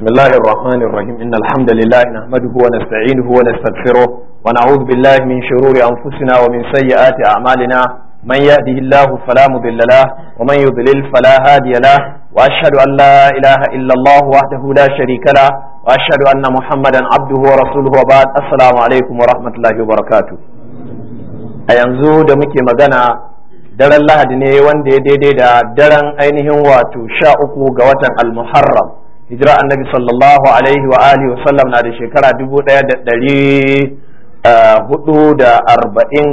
بسم الله الرحمن الرحيم إن الحمد لله نحمده ونستعينه ونستغفره ونعوذ بالله من شرور أنفسنا ومن سيئات أعمالنا من يهده الله فلا مضل له ومن يضلل فلا هادي له وأشهد أن لا إله إلا الله وحده لا شريك له وأشهد أن محمدا عبده ورسوله وبعد السلام عليكم ورحمة الله وبركاته أينزو دمكي مدنا daren lahadi ne wanda ya daidai da daren ainihin wato sha uku ga watan al-muharram hijira annabi sallallahu alaihi wa alihi wa sallam na da shekara dubu ɗaya da ɗari hudu da arba'in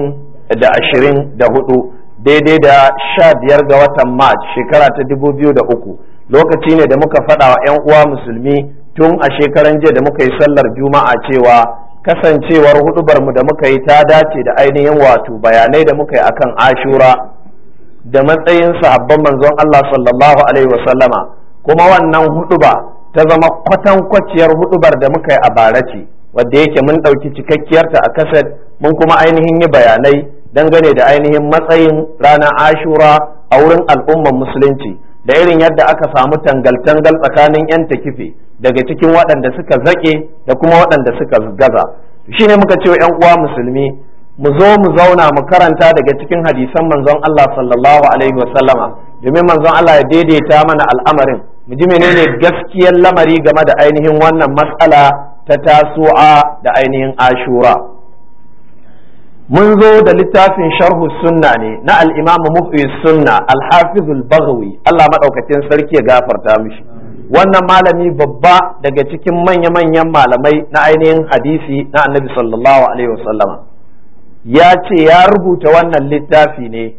da ashirin da hudu daidai da sha biyar ga watan march shekara ta dubu biyu da uku lokaci ne da muka faɗawa wa 'yan uwa musulmi tun a shekaran jiya da muka yi sallar juma'a cewa kasancewar hudubar mu da muka yi ta dace da ainihin wato bayanai da muka yi akan ashura da matsayin sahabban manzon Allah sallallahu alaihi wa sallama. kuma wannan huduba ta zama kwatankwaciyar hudubar da muka yi a bara ce wadda yake mun ɗauki cikakkiyarta a kaset mun kuma ainihin yi bayanai dangane da ainihin matsayin ranar ashura a wurin al'ummar musulunci da irin yadda aka samu tangal-tangal tsakanin 'yan kife daga cikin waɗanda suka zaƙe da kuma waɗanda suka gaza shi ne muka ce 'yan uwa musulmi mu zo mu zauna mu karanta daga cikin hadisan manzon Allah sallallahu alaihi wasallama domin manzon Allah ya daidaita mana al'amarin mu ji menene gaskiyar lamari game da ainihin wannan matsala ta tasu'a da ainihin ashura mun zo da littafin sharhu sunna ne na al-imam mufi sunna al-hafiz al Allah madaukakin sarki ya gafarta mishi wannan malami babba daga cikin manya-manyan malamai na ainihin hadisi na annabi sallallahu alaihi wasallama ya ce ya rubuta wannan littafi ne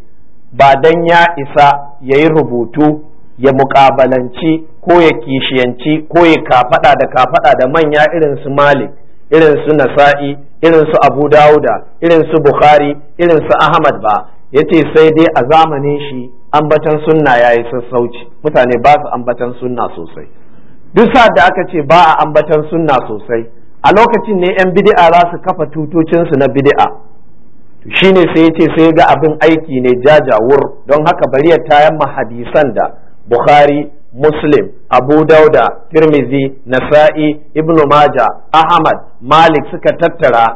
ba dan ya isa ya yi rubutu ya mukabalanci ko ya kishiyanci ko ya kafaɗa da kafaɗa da manya irin su malik irin su nasa'i irin su abu dauda, irin su bukhari irin su ahmad ba yace sai dai a zamanin shi ambatan sunna yayi sassauci mutane ba su ambatan sunna sosai duk sa da aka ce ba a ambatan sunna sosai a lokacin ne yan bid'a za su kafa tutocinsu na bid'a shine sai yace sai ga abin aiki ne jajawur don haka bari ya tayan hadisan da bukhari muslim abu dauda tirmizi nasa'i ibnu maja ahmad malik suka tattara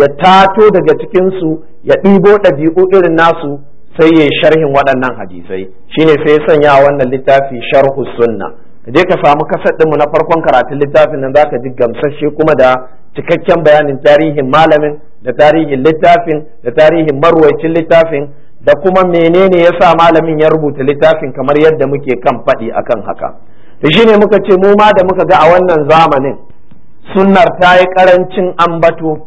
ya tato daga cikinsu ya ɗibo ɗabi'u irin nasu sai ya sharhin waɗannan hadisai shine sai ya sanya wannan littafi sharhu sunna je ka samu kasar ɗinmu na farkon karatun littafin nan zaka ji gamsashe kuma da cikakken bayanin tarihin malamin da tarihin littafin da tarihin marwaicin littafin da kuma menene ya sa malamin ya rubuta littafin kamar yadda muke kan faɗi akan haka da shi ne muka ce mu ma da muka ga a wannan zamanin sunnar ta yi ƙarancin ambato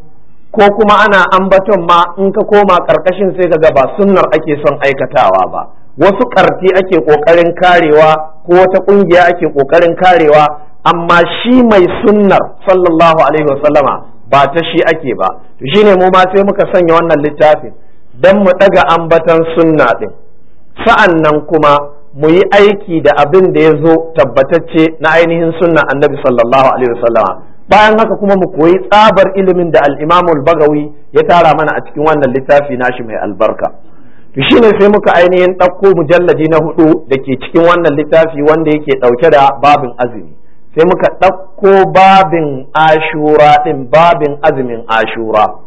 ko kuma ana ambaton ma in ka koma ƙarƙashin sai ka ga ba sunnar ake son aikatawa ba wasu ƙarti ake ƙoƙarin karewa ko wata ƙungiya ake ƙoƙarin karewa amma shi mai sunnar sallallahu alaihi wasallama ba ta shi ake ba shi ne mu ma sai muka sanya wannan littafin don mu ɗaga ambatan sunna ɗin sa'an nan kuma mu yi aiki da abin da ya zo tabbatacce na ainihin sunna annabi sallallahu alaihi wasallama bayan haka kuma mu koyi tsabar ilimin da al bagawi ya tara mana a cikin wannan littafi nashi mai albarka to shine sai muka ainihin ɗauko mujallaji na hudu da ke cikin wannan littafi wanda yake ɗauke da babin azumi sai muka ɗauko babin ashura ɗin babin azumin ashura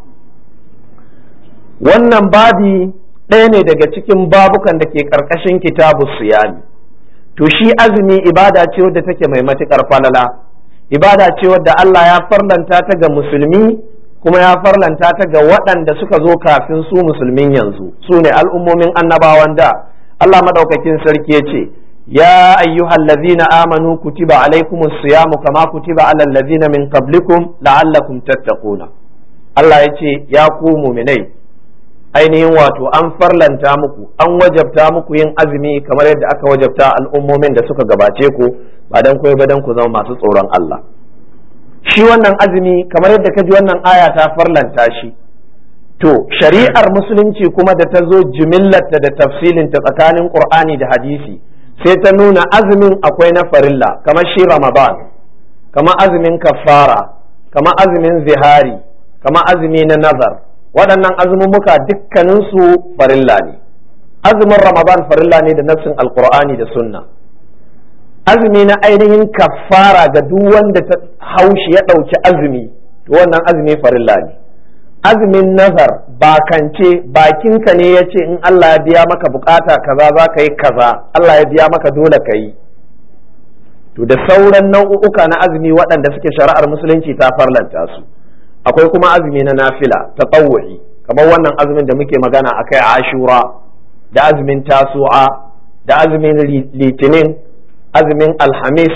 wannan babi ɗaya ne daga cikin babukan da ke ƙarƙashin kitabu siyami to shi azumi ibada ce wadda take mai matuƙar falala ibada ce wadda Allah ya farlanta ta ga musulmi kuma ya farlanta ta ga waɗanda suka zo kafin su musulmin yanzu su ne al'ummomin annabawan da Allah maɗaukakin sarki ya ce ya ayyuhallazina amanu kutiba alaikumus siyamu kama kutiba alal ladzina min qablikum la'allakum tattaquna Allah ya ce ya ku muminai ainihin wato an farlanta muku an wajabta muku yin azumi kamar yadda aka wajabta al'ummomin da suka gabace ku ba dan koyi ba dan ku zama masu tsoron Allah shi wannan azumi kamar yadda kaji wannan aya ta farlanta shi to shari'ar musulunci kuma da ta zo jimillarta da ta tsakanin qur'ani da hadisi sai ta nuna azumin akwai na farilla kamar shi ramadan kamar azumin kafara kamar azumin zihari kamar azumi na nazar waɗannan azumumuka dukkaninsu farilla ne azumin ramadan farilla ne da nafsin alkur'ani da sunna azumi na ainihin kafara ga duk wanda ta haushi ya ɗauki azumi wannan azumi farilla ne azumin nazar bakance bakinka ne ya ce in Allah ya biya maka bukata kaza za ka yi kaza Allah ya biya maka dole ka yi to da sauran nau'uka na azumi waɗanda suke shari'ar musulunci ta farlanta su akwai kuma azumi na nafila ta tsawuri kamar wannan azumin da muke magana a kai a ashura da azumin tasu'a da azumin litinin azumin alhamis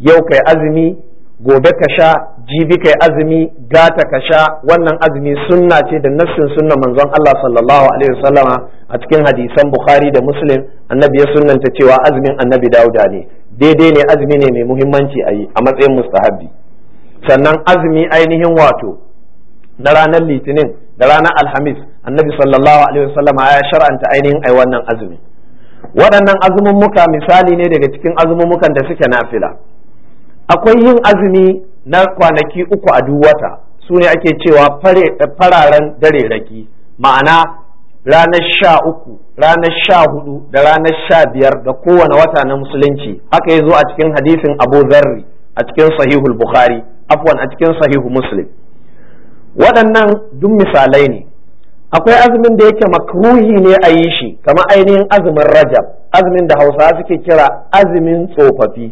yau kai azumi gobe ka sha jibi kai azumi gata ka sha wannan azumi sunna ce da nassin sunna manzon Allah sallallahu alaihi wasallama a cikin hadisan Bukhari da Muslim annabi ya sunnanta cewa azumin annabi Dawuda ne daidai ne azumi ne mai muhimmanci a yi a matsayin mustahabi sannan azumi ainihin wato na ranar litinin da ranar alhamis annabi sallallahu alaihi wasallama ya shar'anta ainihin ai wannan azumi waɗannan azumin muka misali ne daga cikin azumin mukan da suke nafila akwai yin azumi na kwanaki uku a duk wata su ne ake cewa fararen dare raki ma'ana ranar sha uku ranar sha hudu da ranar sha biyar da kowane wata na musulunci haka ya zo a cikin hadisin abu zarri a cikin sahihul bukhari afwan a cikin sahihu muslim waɗannan duk misalai ne akwai azumin da yake makruhi ne a yi shi kamar ainihin azumin rajab azumin da hausawa suke kira azumin tsofaffi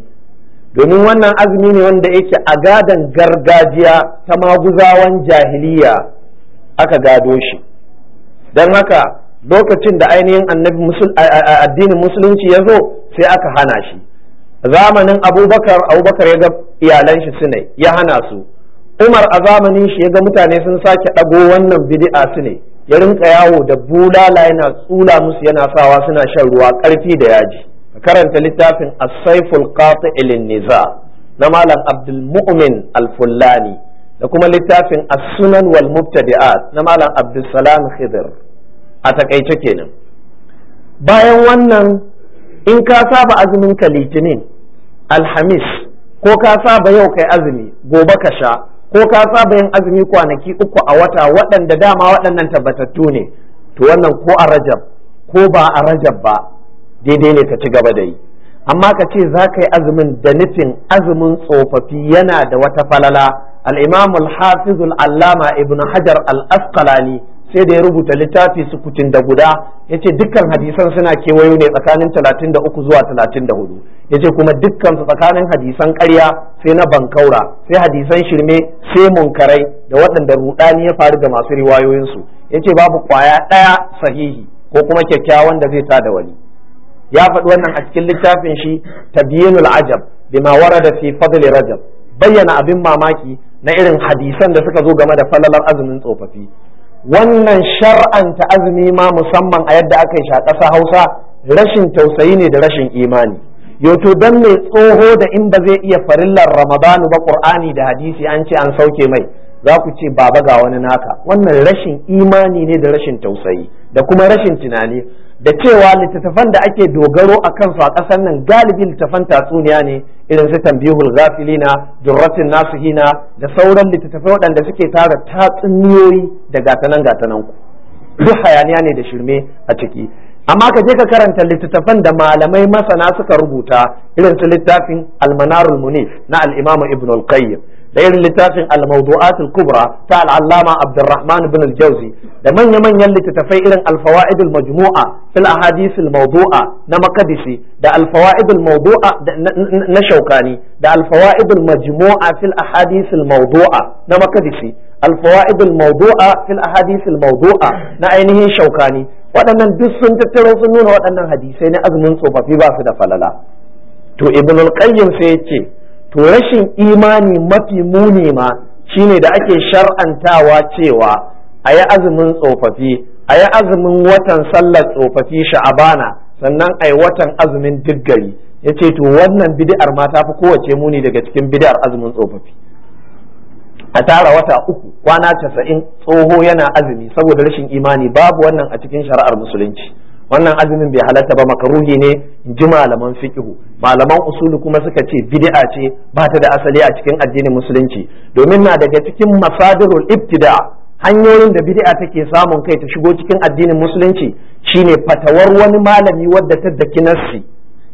domin wannan azumi ne wanda yake a gadon gargajiya ta maguzawan jahiliya aka gado shi don haka lokacin da ainihin addinin musulunci ya zo sai aka hana shi zamanin abubakar abubakar ya ga iyalan shi su ne ya hana su umar a zamanin shi ya ga mutane sun sake ɗago wannan bidi'a su ne ya rinka yawo da bulala yana tsula musu yana sawa suna shan ruwa ƙarfi da yaji karanta littafin as-saiful qati' niza na malam abdul mu'min al-fullani da kuma littafin as-sunan wal mubtadi'at na malam abdul salam a takaice kenan bayan wannan in ka saba azumin ka litinin alhamis ko ka saba yau kai azumi gobe ka sha ko ka saba yin azumi kwanaki uku a wata waɗanda dama waɗannan tabbatattu ne to wannan ko a rajab ko ba a rajab ba daidai ne ka ci gaba da yi amma ka ce za ka yi azumin da nufin azumin tsofaffi yana da wata falala al imamul hafizul allama ibnu hajar al-asqalani sai da ya rubuta littafi sukutin da guda ya ce dukkan hadisan suna kewayo ne tsakanin 33 zuwa 34 ya ce kuma dukkan su tsakanin hadisan karya sai na bankaura sai hadisan shirme sai munkarai da waɗanda rudani ya faru ga masu riwayoyinsu ya ce babu kwaya ɗaya sahihi ko kuma kyakkyawan da zai da wani ya faɗi wannan a cikin littafin shi tabiyinul ajab bima warada fi fadli rajab bayyana abin mamaki na irin hadisan da suka zo game da falalar azumin tsofaffi wannan shar'anta azumi ma musamman a yadda aka yi shi ƙasa hausa rashin tausayi ne da rashin imani yoto dan mai tsoho da in ba zai iya farillar ramadanu ba qur'ani da hadisi an ce an sauke mai za ku ce baba ga wani naka wannan rashin imani ne da rashin tausayi da kuma rashin tunani da cewa littattafan da ake dogaro a kansu a ƙasar nan galibi littattafan tatsuniya ne irin su tambihul ghafilina durratin nasuhina da sauran littattafai waɗanda suke tara tatsuniyoyi da gatanan gatanan ku duk hayaniya ne da shirme a ciki amma ka je ka karanta littattafan da malamai masana suka rubuta irin su littafin almanarul munif na al'imamu imam ibn da irin littafin al kubra ta al-allama Abdurrahman ibn al-Jawzi da manya-manyan littattafai irin al majmua fil maudu'a mawdua na Makadisi da al mawdua na Shaukani da al-fawaid al-majmu'a fil maudu'a mawdua na Makadisi al mawdua fil ahadith mawdua na ainihin Shaukani waɗannan duk sun tattaro sun nuna waɗannan hadisai na azumin tsofaffi ba su da falala to ibnul al-qayyim sai ya ce to rashin imani mafi muni ma shine da ake shar'antawa cewa a yi azumin tsofaffi a yi azumin watan sallar tsofaffi sha'abana sannan a yi watan azumin duk ya ce to wannan bidi'ar ma ta fi kowace muni daga cikin bidi'ar azumin tsofaffi a tara wata uku kwana casa'in tsoho yana azumi saboda rashin imani babu wannan a cikin shari'ar musulunci wannan azumin bai halatta ba makaruhi ne ji malaman fiqhu malaman usulu kuma suka ce bid'a ce ba ta da asali a cikin addinin musulunci domin na daga cikin masadirul ibtida hanyoyin da bid'a take samun kai ta shigo cikin addinin musulunci shine fatawar wani malami wadda ta daki nassi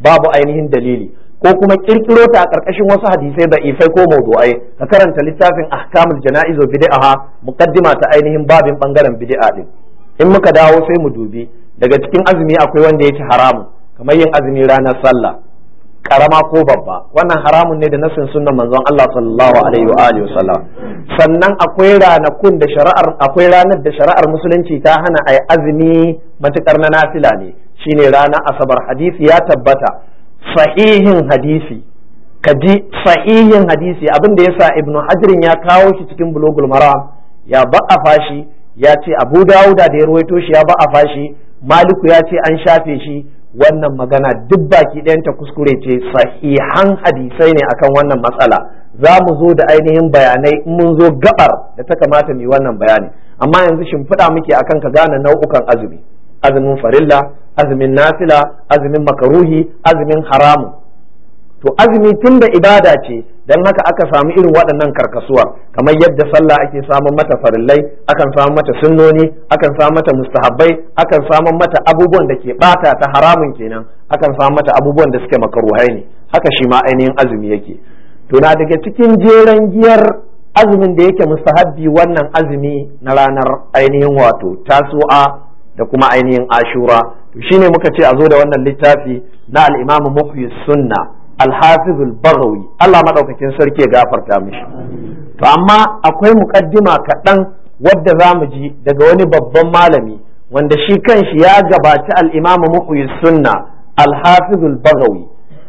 babu ainihin dalili ko kuma kirkiro ta a karkashin wasu hadisai da ifai ko mawdu'ai ka karanta littafin ahkamul jana'iz wa bid'aha muqaddima ta ainihin babin bangaren bid'a din in muka dawo sai mu dubi daga cikin azumi akwai wanda ya ci haramun kamar yin azumi ranar sallah karama ko babba wannan haramun ne da nasin sunnan manzon Allah sallallahu alaihi wa alihi wasallam sannan akwai ranakun da shari'ar akwai ranar da shari'ar musulunci ta hana ai azumi matukar na nafila ne shine ranar asabar hadisi ya tabbata sahihin hadisi kaji sahihin hadisi abin da yasa ibnu hajrin ya kawo shi cikin bulugul maram ya ba'a shi ya ce abu dawuda da ya ruwaito shi ya ba a fashi maliku ya ce an shafe shi wannan magana duk baki ɗayanta kuskure ce sahihan hadisai ne akan wannan matsala za mu zo da ainihin bayanai in mun zo gabar da ta kamata mu yi wannan bayani amma yanzu shimfiɗa muke akan ka gane nau'ukan azumi azumin farilla azumin nafila azumin makaruhi azumin haramun to azumi tun da ibada ce don haka aka samu irin waɗannan karkasuwa kamar yadda sallah ake samun mata farillai akan samu mata sunnoni akan samu mata mustahabbai akan samu mata abubuwan da ke bata ta haramun kenan akan samu mata abubuwan da suke makaruhai ne haka shi ma ainihin azumi yake to na daga cikin jeran giyar azumin da yake mustahabbi wannan azumi na ranar ainihin wato tasu'a da kuma ainihin ashura to shine muka ce a zo da wannan littafi na al-imam sunna al-hafiz al-baghawi Allah madaukakin sarki ya gafarta mishi to amma akwai muqaddima kaɗan wadda mu ji daga wani babban malami wanda shi kanshi ya gabaci al-imam muqwi sunna al-hafiz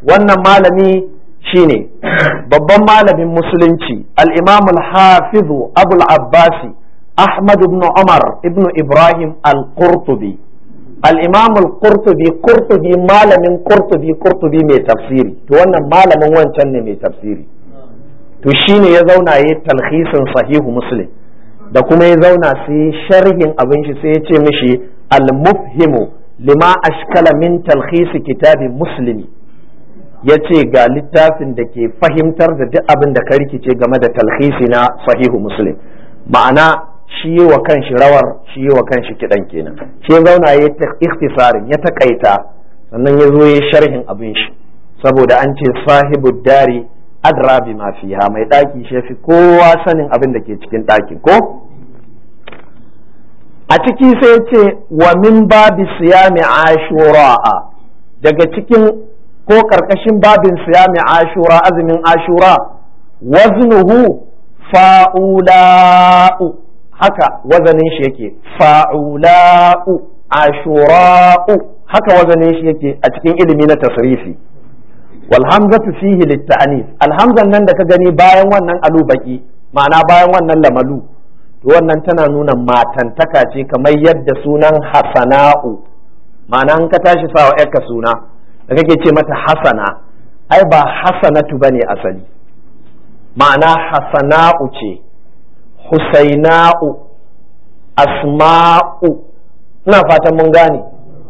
wannan malami shine babban malamin musulunci al-imam al-hafiz abul abbasi ahmad ibn umar ibn ibrahim al-qurtubi al-imam kurtubi qurtubi malamin kurtubi kurtubi mai tafsiri to wannan malamin wancan ne mai tafsiri to shine ya zauna yayin talhisin sahihu muslim da kuma ya zauna sai sharhin abin shi sai ya ce mishi al lima ashkala min talhisi kitabin muslimi ya ce ga littafin da ke fahimtar da duk abin da ka rikice game da talhisi na sahihu muslim ma'ana shi yi wa kanshi rawar shi yi wa kanshi kiɗan kenan shi ya zauna ya ta ikhtisarin ya takaita sannan ya zo ya sharhin abin shi saboda an ce sahibu dari adra bi ma fiha mai daki shi fi kowa sanin abin da ke cikin daki ko a ciki sai ce wa min babi siyami ashura daga cikin ko karkashin babin siyami ashura azumin ashura waznuhu fa'ula'u haka wazanin shi yake fa'ula'u ashura'u haka wazanin shi yake a cikin ilimi na tasrifi walhamzatu hamzatu fihi litta'anis al nan da ka gani bayan wannan alubaki ma'ana bayan wannan lamalu to wannan tana nuna matantaka ce kamar yadda sunan hasana'u ma'ana an ka tashi sawa yarka suna da kake ce mata hasana ai ba hasanatu bane asali ma'ana hasana'u ce husaina'u asma'u ina fatan mun gane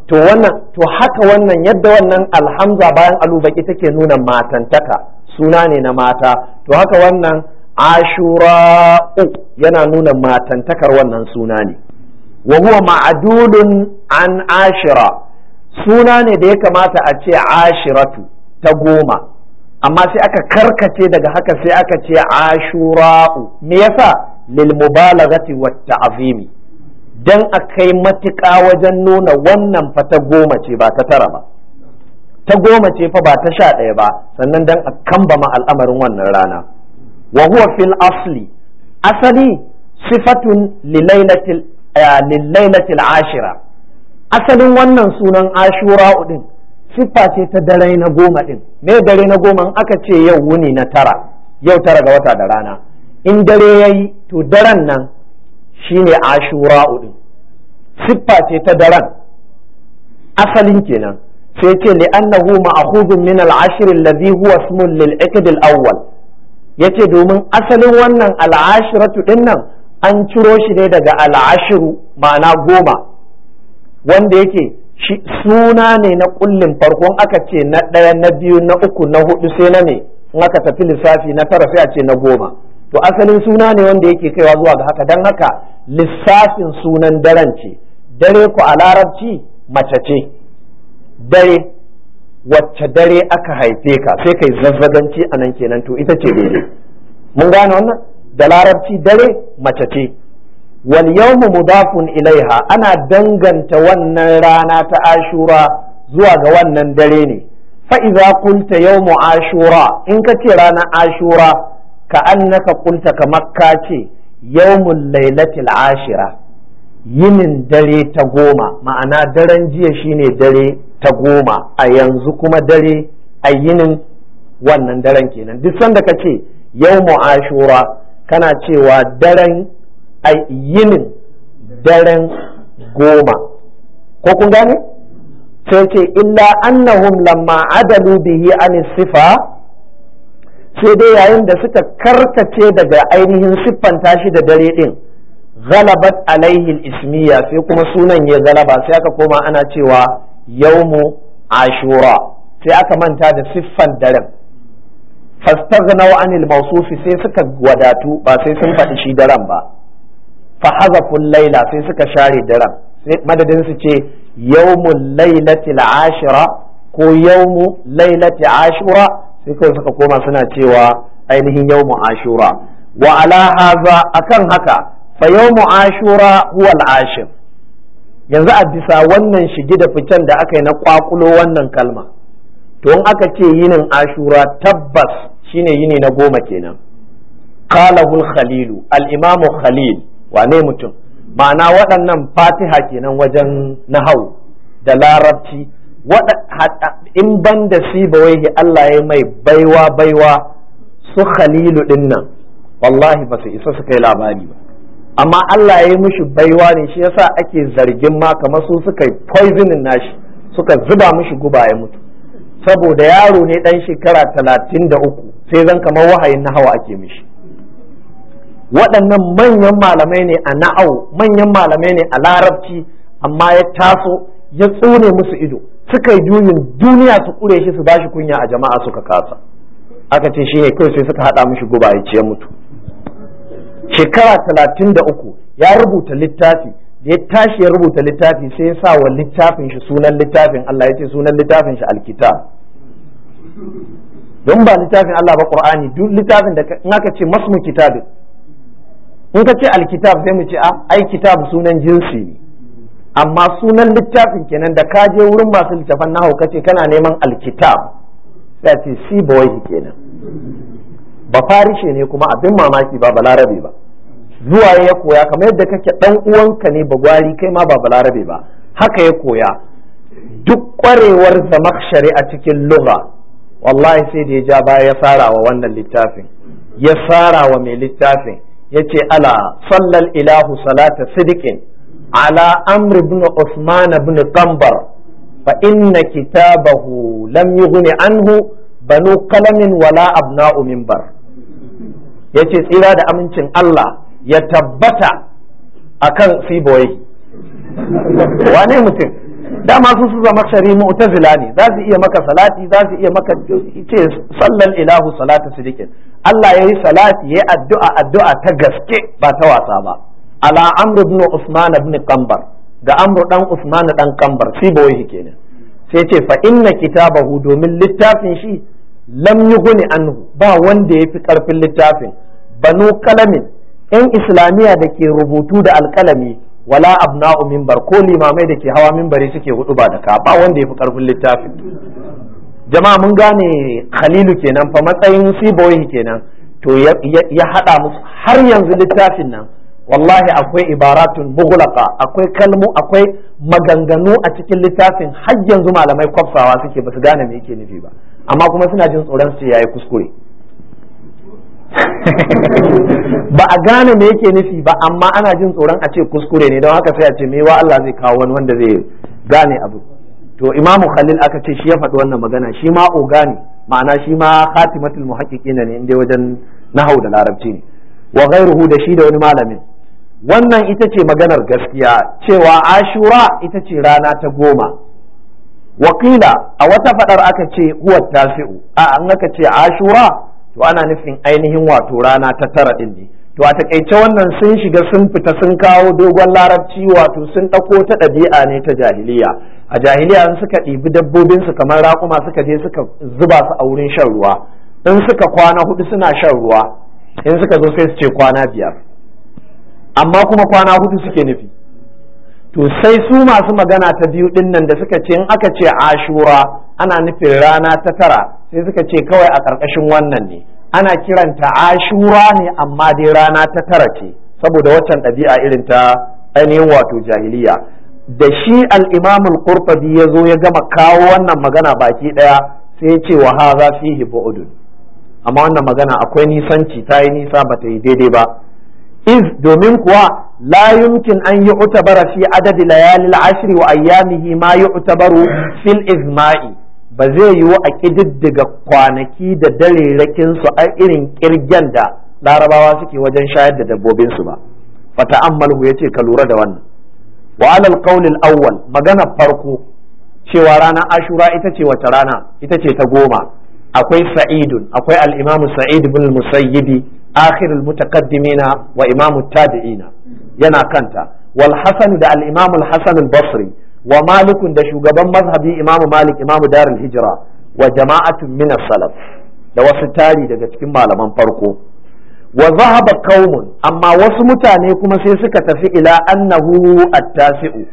to wannan to haka wannan yadda wannan alhamza bayan alubaki take nuna matantaka suna ne na mata to haka wannan ashura'u yana nuna matantakar wannan suna ne wa huwa ma'adudun an ashira suna ne da ya kamata a ce ashiratu ta goma amma sai aka karkace daga haka sai aka ce ashura'u me yasa lil mubalaghati wat ta'zimi dan akai matuƙa wajen nuna wannan fa ta goma ce ba ta tara ba ta goma ce fa ba ta sha ɗaya ba sannan dan a kambama al'amarin wannan rana wa huwa fil asli asali sifatun lilailatil eh, ashira asalin wannan sunan ashura din siffa ce ta dare na goma din me dare na goma aka ce yau wuni na tara yau tara ga wata da rana in dare ya yi to daren nan shi shine ashura'u din siffa ce ta daren asalin kenan sai ce li'annahu ma'khudun min al-ashr alladhi huwa ismun lil al-awwal yace domin asalin wannan al-ashratu nan an ciro shi ne daga al'ashiru ma'ana goma wanda yake suna ne na kullin farkon aka ce na ɗaya na biyu na uku na hudu sai na ne in aka tafi lissafi na tara sai a ce na goma to asalin suna ne wanda yake kaiwa zuwa ga haka don haka lissafin sunan daren ce dare ku a larabci mace ce dare wacce dare aka haife ka sai kai zazzaganci a nan kenan to ita ce daidai mun gane wannan da larabci dare mace ce wal yawmu mudafun ilaiha ana danganta wannan rana ta ashura zuwa ga wannan dare ne fa idza qulta yawmu ashura in ka ce ranar ashura ka annaka qulta kamar ka ce yawmul lailatul ashira yinin dare ta goma ma'ana daren jiya shine dare ta goma a yanzu kuma dare a yinin wannan daren kenan duk sanda ka ce yawmu ashura kana cewa daren a yinin daren goma ko kun gane sai ce illa annahum lamma adalu bihi an sifa sai dai yayin da suka karkace daga ainihin siffanta shi da dare din galabat alaihi ismiya sai kuma sunan ya galaba sai aka koma ana cewa yawmu ashura sai aka manta da siffan daren fastaghnau anil mawsufi sai suka wadatu ba sai sun faɗi shi daren ba fa hazaful laila sai suka share daren sai madadin su ce yawmul lailatil ashira ko yawmu lailati ashura sai kawai suka koma suna cewa ainihin mu ashura wa ala haza akan haka fa mu ashura huwa al-ashir yanzu a bisa wannan shige da ficen da aka yi na kwakulo wannan kalma to in aka ce yinin ashura tabbas shine yini na goma kenan qalahu khalilu al-imamu khalil wane mutum ma'ana waɗannan fatiha kenan wajen nahau da larabci in ban da shi bawaihi Allah ya mai baiwa baiwa su khalilu din nan wallahi ba su isa su kai labari ba amma Allah ya yi mushi baiwa ne shi yasa ake zargin ma kamar su suka yi poisoning nashi suka zuba mushi guba ya mutu saboda yaro ne dan shekara talatin da uku sai zan kamar wahayin na hawa ake mishi waɗannan manyan malamai ne a na'au manyan malamai ne a larabci amma ya taso ya tsone musu ido suka yi juyin duniya su kure shi su bashi kunya a jama'a suka kasa aka ce ne kawai sai suka hada mishi guba ya ciye mutu shekara talatin da uku ya rubuta littafi da ya tashi ya rubuta littafi sai ya sa wa littafin shi sunan littafin Allah ya ce sunan littafin shi alkitab don ba littafin Allah ba Qur'ani duk littafin da in aka ce masmu kitabin in ka ce alkitab sai mu ce a ah, ai kitab sunan jinsi ne amma sunan littafin kenan da ka je wurin masu littafan nahu kace kana neman alkitab sai ce si kenan ba farishe ne kuma abin mamaki ba balarabe ba zuwa ya koya kamar yadda kake dan uwanka ne ba gwari kai ma ba balarabe ba haka ya koya duk kwarewar zamakshari a cikin lugha wallahi sai da ya ja baya ya fara wa wannan littafin ya fara wa mai littafin ya ce ala sallal ilahu salata sidikin ala amr ibn usman ibn qambar fa inna kitabahu lam yughni anhu banu qalamin wala abna'u minbar yace tsira da amincin Allah ya tabbata kan siboyi wane mutum dama su su zama shari mu'tazila ne za su iya maka salati za su iya maka ce sallan ilahu salatu sidikin Allah yayi salati yayi addu'a addu'a ta gaske ba ta wasa ba ala Amru ibn usman ibn Kambar da Amru dan usman dan qambar shi wai kenan sai ce fa inna kitabahu domin littafin shi lam yughni anhu ba wanda yafi karfin littafin banu kalamin yan islamiyya da ke rubutu da alkalami wala abna'u minbar ko limamai da ke hawa minbari suke hudu ba da ka ba wanda yafi karfin littafin jama'a mun gane khalilu kenan fa matsayin siboyi kenan to ya hada musu har yanzu littafin nan wallahi akwai ibaratun bughlaqa akwai kalmu akwai maganganu a cikin littafin har yanzu malamai kwafsawa suke ba su gane me yake nufi ba amma kuma suna jin tsoron su yayi kuskure ba a gane me yake nufi ba amma ana jin tsoron a ce kuskure ne don haka sai a ce me wa Allah zai kawo wani wanda zai gane abu to imamu khalil aka ce shi ya faɗi wannan magana shi ma ogani ma'ana shi ma khatimatul muhaqqiqina ne inda wajen nahau da larabci ne wa ghairuhu da shi da wani malamin wannan ita ce maganar gaskiya cewa ashura ita ce rana ta goma wakila a wata fadar aka ce huwa tasi'u a an aka ce ashura to ana nufin ainihin wato rana ta tara din ne to a takaice wannan sun shiga sun fita sun kawo dogon larabci wato sun ɗauko ta ɗabi'a ne ta jahiliya a jahiliya in suka ɗibi dabbobinsu kamar raƙuma suka je suka zuba su a wurin shan ruwa in suka kwana hudu suna shan ruwa in suka zo sai su ce kwana biyar amma kuma kwana hudu suke nufi to sai su masu magana ta biyu din da suka ce in aka ce ashura ana nufin rana ta tara sai suka ce kawai a ƙarƙashin wannan ne ana kiranta ashura ne amma dai rana ta tara ce saboda waccan ɗabi'a irin ta ainihin wato jahiliya da shi alimamul kurfabi ya zo ya gama kawo wannan magana baki ɗaya sai ya ce wa hadha fihi bu'dun amma wannan magana akwai nisanci ta yi nisa ba ta yi daidai ba iz domin kuwa la yumkin an yi utabara fi adadi layalil ashri wa ayyamihi ma yi utabaru fil izma'i ba zai yiwu a ƙididdiga kwanaki da darerakin su a irin kirgen da larabawa suke wajen shayar da dabbobin su ba fata ya yace ka lura da wannan wa alal qawlil awwal magana farko cewa ranar ashura ita ce wace rana ita ce ta goma akwai sa'idun akwai al-imamu sa'id ibn al akhirul mutaqaddimina wa imamu tabi'ina yana kanta wal hasan da al imam al basri wa malikun da shugaban mazhabi imamu malik imamu darul hijra wa jama'atun min salaf da wasu tari daga cikin malaman farko wa zahaba qaumun amma wasu mutane kuma sai suka tafi ila annahu at-tasi'u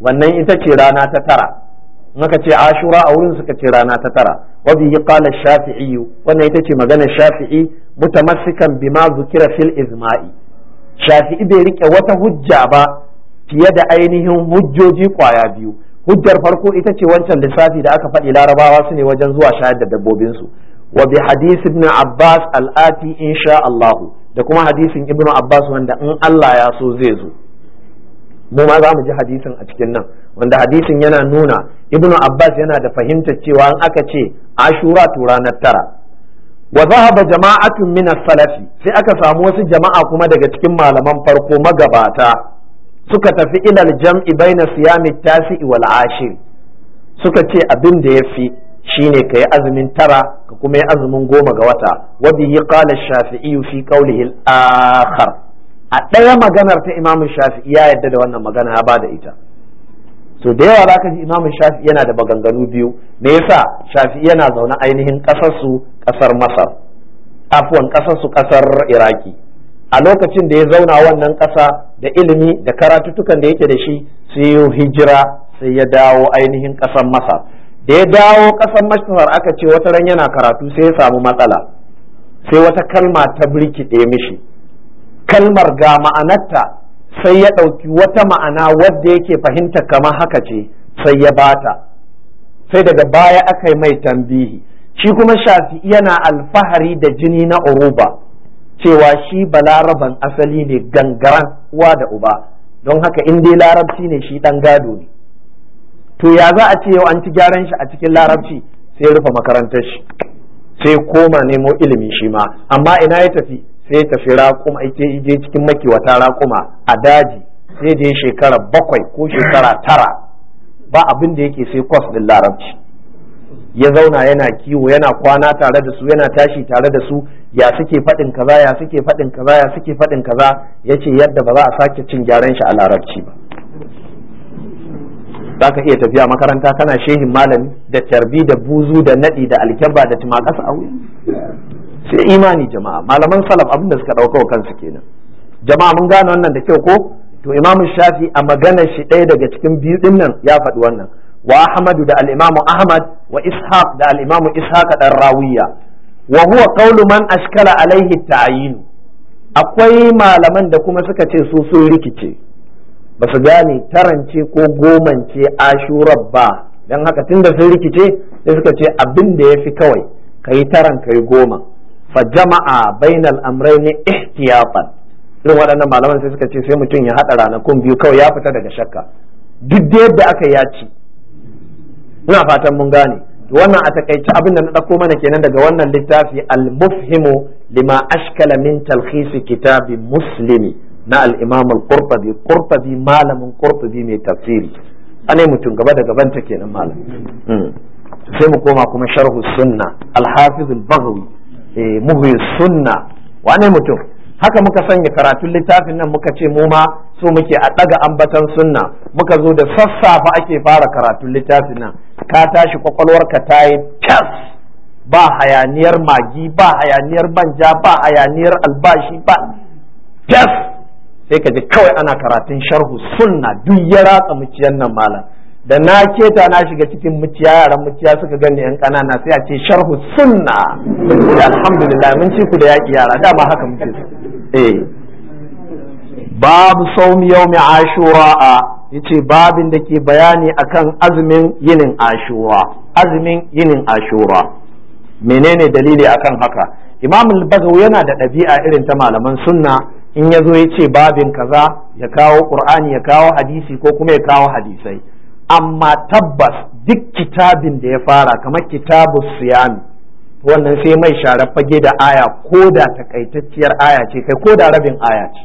wannan ita ce rana ta tara maka ce ashura a wurin suka ce rana ta tara wa bihi qala shafi'i wannan ita ce maganar shafi'i mutamassikan bima zukira fil izma'i shafi'i bai rike wata hujja ba fiye da ainihin hujjoji kwaya biyu hujjar farko ita ce wancan lissafi da aka faɗi larabawa su ne wajen zuwa shayar da dabbobin wa bi hadisi ibn abbas al'ati insha da kuma hadisin ibn abbas wanda in Allah ya so zai zo mu ma za mu ji hadisin a cikin nan wanda hadisin yana nuna ibnu abbas yana da fahimtar cewa an aka ce ashura to ranar tara wa zahaba jama'atun min salafi sai aka samu wasu jama'a kuma daga cikin malaman farko magabata suka tafi ilal jam'i baina siyami tasi'i wal ashir suka ce abin da yafi shine ka yi azumin tara ka kuma yi azumin goma ga wata wa bihi qala shafi'i fi qawlihi al-akhar a ɗaya maganar ta imamun shafi ya yadda da wannan magana ya ba da ita to da yawa za ka ji imamun shafi yana da maganganu biyu me yasa shafi yana zaune ainihin ƙasar su ƙasar masar afuwan ƙasar su ƙasar iraki a lokacin da ya zauna wannan ƙasa da ilimi da karatutukan da yake da shi sai ya hijira sai ya dawo ainihin ƙasar masar da ya dawo ƙasar masar aka ce wata ran yana karatu sai ya samu matsala sai wata kalma ta birkiɗe mishi kalmar ga ma'anarta sai ya ɗauki wata ma'ana wadda yake fahimta kama haka ce sai ya bata sai daga baya aka yi mai tambihi shi kuma shafi yana alfahari da jini na uruba cewa shi balaraban asali ne gangaran uwa da uba don haka in dai larabci ne shi ɗan gado ne to ya za a ce yau an ci gyaran shi a cikin larabci sai rufe makarantar shi sai koma nemo ilimi shi ma amma ina ya tafi sai tafi raƙuma ije cikin cikin makiwata raƙuma a daji sai da ya shekara bakwai ko shekara tara ba abin da yake sai kwas ɗin larabci ya zauna yana kiwo yana kwana tare da su yana tashi tare da su ya suke faɗin kaza ya suke faɗin kaza ya suke faɗin kaza ya ce yadda ba za a sake cin gyaran shi a larabci ba za ka iya tafiya makaranta kana shehin malami da tarbi da buzu da naɗi da alkyabba da tumakasa a wuya sai imani jama'a malaman salaf abin da suka ɗauka kansu kenan jama'a mun gane wannan da kyau ko to imam shafi a maganar shi ɗaya daga cikin biyu din nan ya faɗi wannan wa ahmadu da al'imamu ahmad wa ishaq da al'imamu imamu ishaq da rawiya wa huwa qawlu man ashkala alaihi ta'yin akwai malaman da kuma suka ce su sun rikice ba su gane tarance ko gomance ashurab ba dan haka tun da sun rikice sai suka ce abin da yafi kawai kai taran kai goma fa jama'a bainal amrayni ihtiyatan irin waɗannan malaman sai suka ce sai mutum ya haɗa ranakun biyu kawai ya fita daga shakka duk da yadda aka ya ci ina fatan mun gane wannan a takaice abin da na ɗauko mana kenan daga wannan littafi al-mufhimu lima ashkala min talkhisi kitabi muslimi na al-imam al-qurtubi qurtubi malamin qurtubi mai tafsiri anai mutum gaba da gabanta kenan malam sai mu koma kuma sharhu sunna al-hafiz al-baghawi Eh, muhyi sunna wane mutum haka muka sanya karatun littafin nan muka ce mu ma so muke a ɗaga ambatan sunna muka zo da sassafa ake fara karatun littafin nan ka tashi kwakwalwarka ta yi cas ba hayaniyar magi ba hayaniyar banja ba hayaniyar albashi ba cas sai ka ji kawai ana karatun sharhu sunna duk ya ratsa muciyan nan malam da na keta na shiga cikin muciya yaran muciya suka gani yan kanana sai a ce sharhu sunna alhamdulillah mun ci ku da yaki yara dama haka muke eh babu saumi yawmi ashura yace babin da ke bayani akan azumin yinin ashura azumin yinin ashura menene dalili akan haka imam al bazawi yana da ɗabi'a irin ta malaman sunna in yazo zo ya ce babin kaza ya kawo qur'ani ya kawo hadisi ko kuma ya kawo hadisai amma tabbas duk kitabin da ya fara kamar kitabu siyami wannan sai mai share fage da aya ko da takaitacciyar aya ce kai ko da rabin aya ce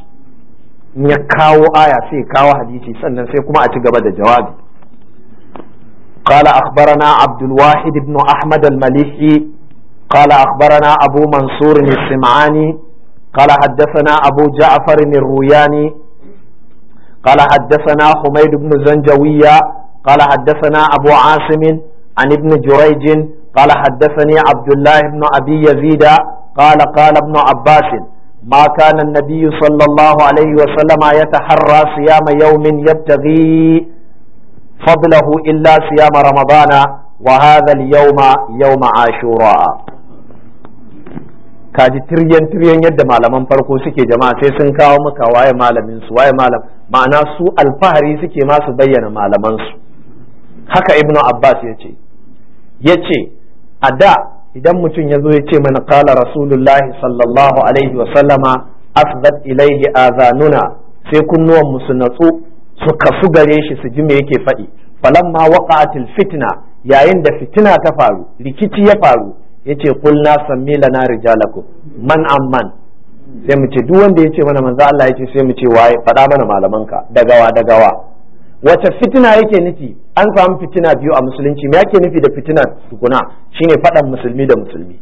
in ya kawo aya sai kawo hadisi sannan sai kuma a ci gaba da jawabi قال أخبرنا عبد الواحد بن أحمد المليحي قال أخبرنا أبو منصور السمعاني قال حدثنا أبو جعفر الروياني قال حدثنا حميد بن زنجوية قال حدثنا أبو عاصم عن ابن جريج قال حدثني عبد الله بن أبي يزيد قال قال ابن عباس ما كان النبي صلى الله عليه وسلم يتحرى صيام يوم يبتغي فضله إلا صيام رمضان وهذا اليوم يوم عاشوراء kaji tiryan tiryan yadda malaman farko suke jama'a sai sun kawo maka waye malamin su waye malam ma'ana su alfahari suke masu bayyana malaman su haka ibnu abbas ya ce ya ce a da idan mutum ya zo ya ce mana kala rasulullahi sallallahu alaihi wa sallama afzat ilaihi azanuna sai kunnuwan mu su natsu su kafu gare shi su ji me yake faɗi falamma waqa'atil fitna yayin da fitina ta faru rikici ya faru yace qulna sammi lana rijalakum man amman sai mu ce duk wanda yace mana manzo Allah yace sai mu ce waye faɗa mana malamanka dagawa dagawa wace fitina yake nufi an samu fitina biyu a musulunci me yake nufi da fitina tukuna shine faɗan musulmi da musulmi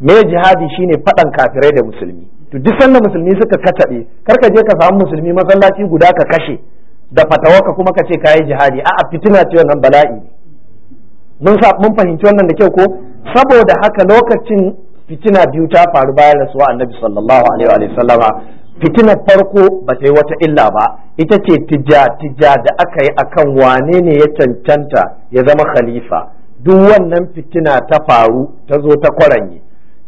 me jihadi shine faɗan kafirai da musulmi to duk sanda musulmi suka kataɓe kar ka je ka samu musulmi masallaci guda ka kashe da ka kuma ka ce ka yi jihadi a'a fitina ce wannan bala'i mun mun fahimci wannan da kyau ko saboda haka lokacin fitina biyu ta faru bayan rasuwa annabi sallallahu alaihi wa sallama fitinar farko ba ta yi wata illa ba ita ce tija tija da aka yi akan wane ne ya cancanta ya zama khalifa duk wannan fitina ta faru ta zo ta kwaranye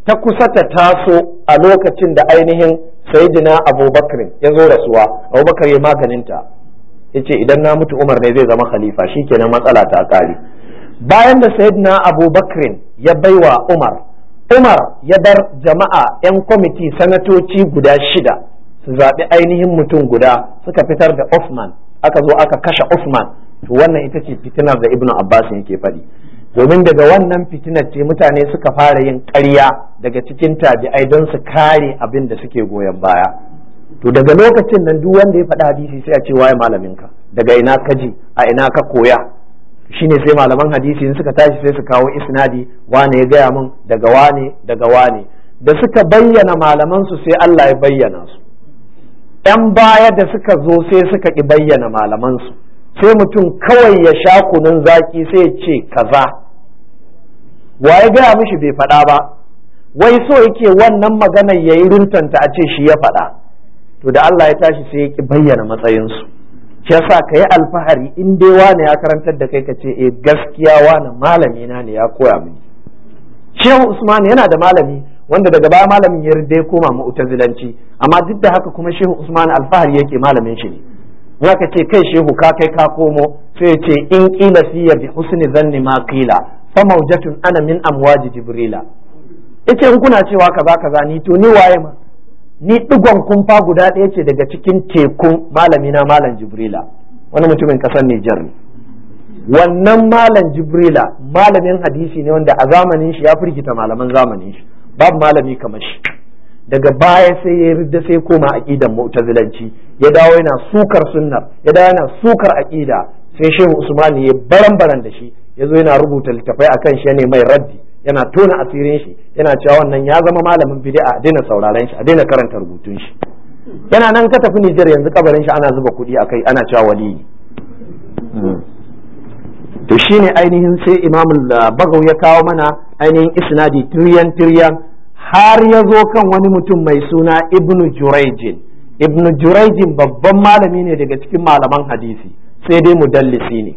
ta kusa ta taso a lokacin da ainihin sayidina abubakar ya zo rasuwa abubakar ya maganinta ya ce idan na mutu umar ne zai zama khalifa shi kenan matsala ta kare bayan da sayidina abubakar ya baiwa umar umar ya bar jama'a 'yan kwamiti sanatoci guda shida su zaɓi ainihin mutum guda suka fitar da Uthman aka zo aka kashe Uthman to wannan ita ce fitinar da Ibnu Abbas yake faɗi domin daga wannan fitinar ce mutane suka fara yin ƙarya daga cikin tabi'ai don su kare abin da suke goyon baya to daga lokacin nan duk wanda ya faɗi hadisi sai a ce waye malaminka daga ina ka ji a ina ka koya shine sai malaman hadisi in suka tashi sai su kawo isnadi wane ya gaya min daga wane daga wane da suka bayyana malaman su sai Allah ya bayyana su 'yan baya da suka zo sai suka ƙi bayyana malamansu sai mutum kawai ya sha kunun zaƙi sai ya ce kaza wa ya gaya mishi bai faɗa ba wai so yake wannan maganar ya yi runtanta a ce shi ya faɗa to da Allah ya tashi sai ya ƙi bayyana matsayinsu shi yasa ka yi alfahari in dai wane ya karantar da kai ka ce eh gaskiya wane malami na ne ya koya mini shehu usman yana da malami wanda daga baya malamin ya rida ya koma mu'tazilanci amma duk da haka kuma shehu usman alfahari yake malamin shi ne ka ce kai shehu ka kai ka komo sai ce in qila siya bi husni zanni ma qila fa mawjatun ana min amwaji jibrila yace in kuna cewa kaza kaza ni to ni waye ma ni digon kumfa guda ɗaya ce daga cikin tekun malami na malam jibrila wani mutumin kasar Nijar wannan malam jibrila malamin hadisi ne wanda a zamanin shi ya firgita malaman zamanin shi babu malami kamar shi daga baya sai ya ridda sai koma aqidan mu'tazilanci ya dawo yana sukar sunna ya dawo yana sukar aqida sai shehu usman ya baran-baran da shi ya zo yana rubuta littafai akan shi ne mai raddi yana tona asirin shi yana cewa wannan ya zama malamin bid'a a daina sauraron shi a daina karanta rubutun shi yana nan ka tafi Nijar yanzu kabarin shi ana zuba kuɗi akai ana cewa wali. to shine ainihin sai imamul ah, bagaw ya kawo mana ainihin isnadi tiryan tiryan har ya zo kan wani mutum mai suna ibnu jurejin ibnu jurejin babban malami ne daga cikin malaman hadisi sai dai mudallisi ne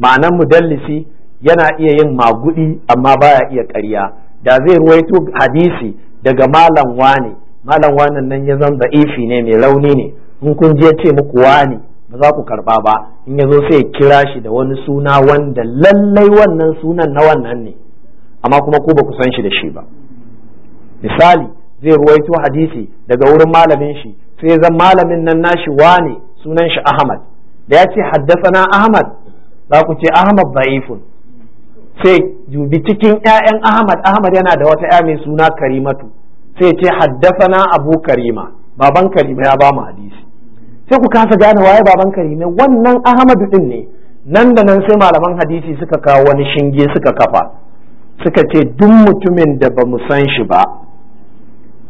ma'anan mudallisi yana iya yin magudi amma baya iya ƙarya da zai ruwaito hadisi daga malam wane malam wannan nan ya zan da'ifi ne mai rauni ne in kun je ce muku wani ba za ku karba ba in ya zo sai kira shi da wani suna wanda lallai wannan sunan na wannan ne amma kuma ku ba ku san shi da shi ba misali zai ruwaito hadisi daga wurin malamin shi sai zan malamin nan nashi wane sunan shi Ahmad da ya ce haddasana Ahmad za ku ce Ahmad baifun. sai jubi cikin ƴaƴan Ahmad Ahmad yana da wata ƴa mai suna Karimatu sai ce haddasana Abu Karima baban Karima ya ba mu hadisi sai ku kasa gane waye baban Karima wannan Ahmad din ne nan da nan sai malaman hadisi suka kawo wani shinge suka kafa suka ce duk mutumin da ba mu san shi ba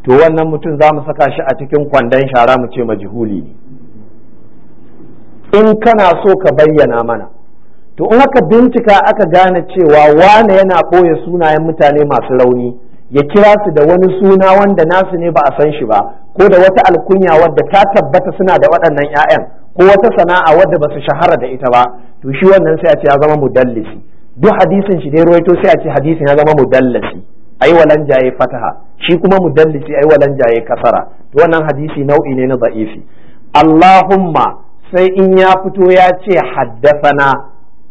to wannan mutum za mu saka shi a cikin kwandon shara mu ce majihuli ne in kana so ka bayyana mana to in aka bincika aka gane cewa wane yana ɓoye sunayen mutane masu rauni ya kira su da wani suna wanda nasu ne ba a san shi ba ko da wata alkunya wadda ta tabbata suna da waɗannan 'ya'yan ko wata sana'a wadda ba su shahara da ita ba to shi wannan sai a ce ya zama mudallisi duk hadisin shi dai ruwaito sai a ce hadisin ya zama mudallisi ai walan jaye fataha shi kuma mudallisi ai walan jaye kasara to wannan hadisi nau'i ne na da'ifi Allahumma sai in ya fito ya ce haddasa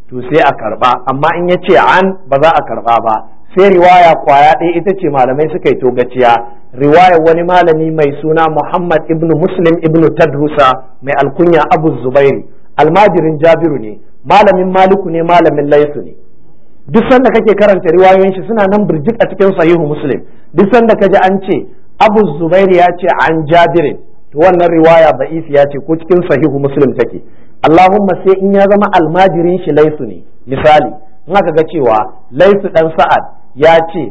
to sai a karba amma in ya ce an ba za a karba ba sai riwaya kwaya ɗaya ita ce malamai suka yi gaciya, riwayar wani malami mai suna Muhammad ibnu Muslim ibnu Tadrusa mai alkunya Abu Zubairi almajirin Jabiru ne malamin Maliku ne malamin Laisu ne duk sanda kake karanta riwayoyin shi suna nan birjik a cikin sahihu muslim duk sanda ka ji an ce abu zubairu ya ce an jabirin to wannan riwaya ba'isi ya ce ko cikin sahihu muslim take allahumma sai in ya zama almajirin shi laisu ne misali in aka ga cewa laisu dan sa'ad ya ce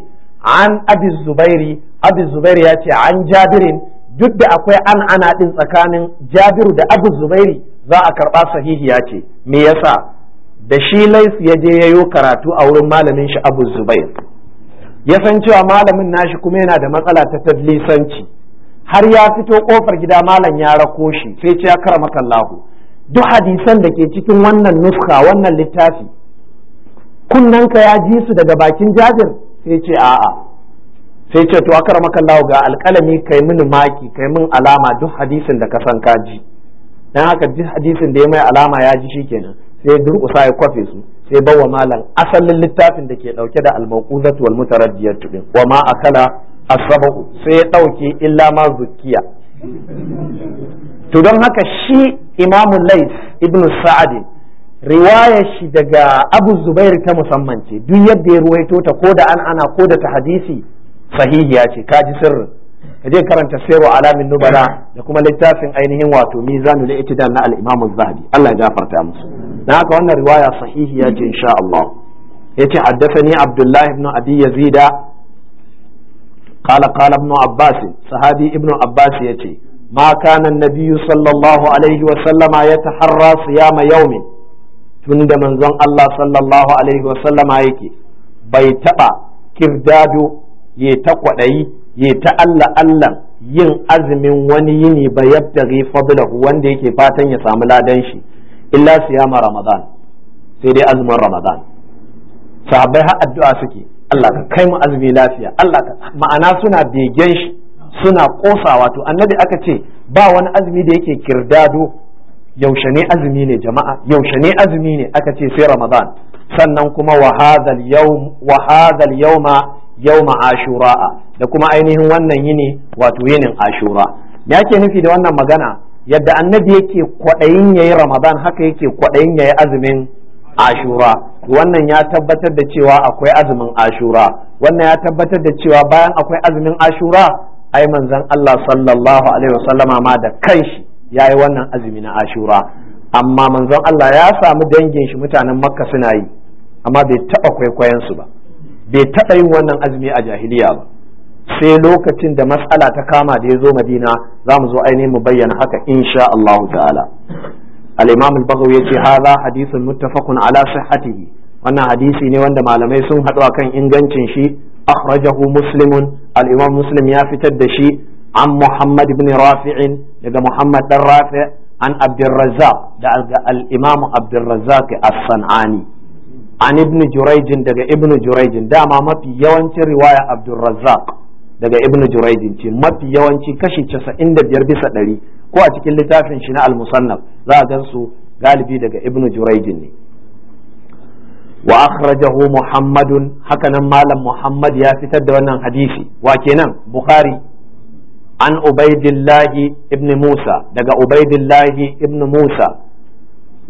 an abi zubairi abi zubairi ya ce an jabirin duk da akwai an ana din tsakanin jabiru da abu zubairi za a karba sahihi ya ce me yasa da shi lais ya je ya yi karatu a wurin malamin shi abu zubair ya san cewa malamin nashi kuma yana da matsala ta tadlisanci har ya fito kofar gida malam ya rako shi sai ce ya karama kallahu duk hadisan da ke cikin wannan nuska wannan littafi kunnanka ya ji su daga bakin jajir? sai ce a'a sai ce to akar makallahu ga alkalami kai mini maki kai min alama duk hadisin da ka san ka ji dan haka duk hadisin da ya mai alama ya ji shi shikenan sai durƙusa ya kwafe su sai wa malam asalin littafin da ke ɗauke da al-mawquzatu wal mutaraddiyat din wa ma akala asabahu sai ya ɗauke illa ma zukiya to don haka shi imamu lais ibn sa'ad riwaya shi daga abu zubair ta musamman ce duk yadda ya ruwaito ta ko da an ana ko da ta hadisi sahihiya ce ka ji sirrin ka je karanta sayarwa alamin nubala da kuma littafin ainihin wato mizanul itidal na al-imam az-zahabi Allah ya gafarta musu dan haka wannan riwaya sahihi ya ce insha Allah yace haddathani Abdullah ibn Abi Yazid qala qala ibn Abbas sahabi ibn Abbas yace ma kana an-nabiy sallallahu alaihi wa sallama yataharra siyama yawmin tun da manzon Allah sallallahu alaihi wa sallama yake bai taɓa kirdado ya ta kwadayi ya ta Allah yin azumin wani yini ba yabtaghi fadlahu wanda yake fatan ya samu ladan shi illa siyama ramadan sai dai azumin ramadan sahabbai har addu'a suke Allah ka kai mu azumi lafiya Allah ka ma'ana suna begen shi suna kosawa to annabi aka ce ba wani azumi da yake kirdado yaushe ne azumi ne jama'a yaushe ne azumi ne aka ce sai ramadan sannan kuma wa hadhal yawm wa yawma ashura da kuma ainihin wannan yini wato yinin ashura me ake nufi da wannan magana yadda annabi yake kwaɗayin ya yi ramadan haka yake kwaɗayin ya yi azumin ashura wannan ya tabbatar da cewa akwai azumin ashura wannan ya tabbatar da cewa bayan akwai azumin ashura ai manzon Allah sallallahu alaihi wasallama ma da kanshi ya yi wannan azumi na ashura amma manzon Allah ya samu dangin shi mutanen makka suna yi amma bai taɓa kwaikwayon su ba bai taɓa yin wannan azumi a jahiliya ba sai lokacin da matsala ta kama da ya zo madina za mu zo ainihin mu bayyana haka insha Allah ta'ala al-imam al-baghawi yace hadha hadithun muttafaqun ala sihhatihi wannan hadisi ne wanda malamai sun haɗu akan ingancin shi akhrajahu muslimun al-imam muslim ya fitar da shi an muhammad ibn rafi'in daga muhammad dan rafi an abdurrazzaq da al-imam abdurrazzaq as-sanani an ibn jurayjin daga ibn Juraijin dama mafi yawancin riwaya abdurrazzaq daga ibn juraidin ce mafi yawanci kashi casa'in da biyar bisa ɗari ko a cikin littafin shi na al-musannaf za a gansu galibi daga ibn juraidin ne wa akhrajahu muhammadun hakanan malam muhammad ya fitar da wannan hadisi wa kenan bukhari an Ubaidullahi ibn musa daga Ubaidullahi ibn musa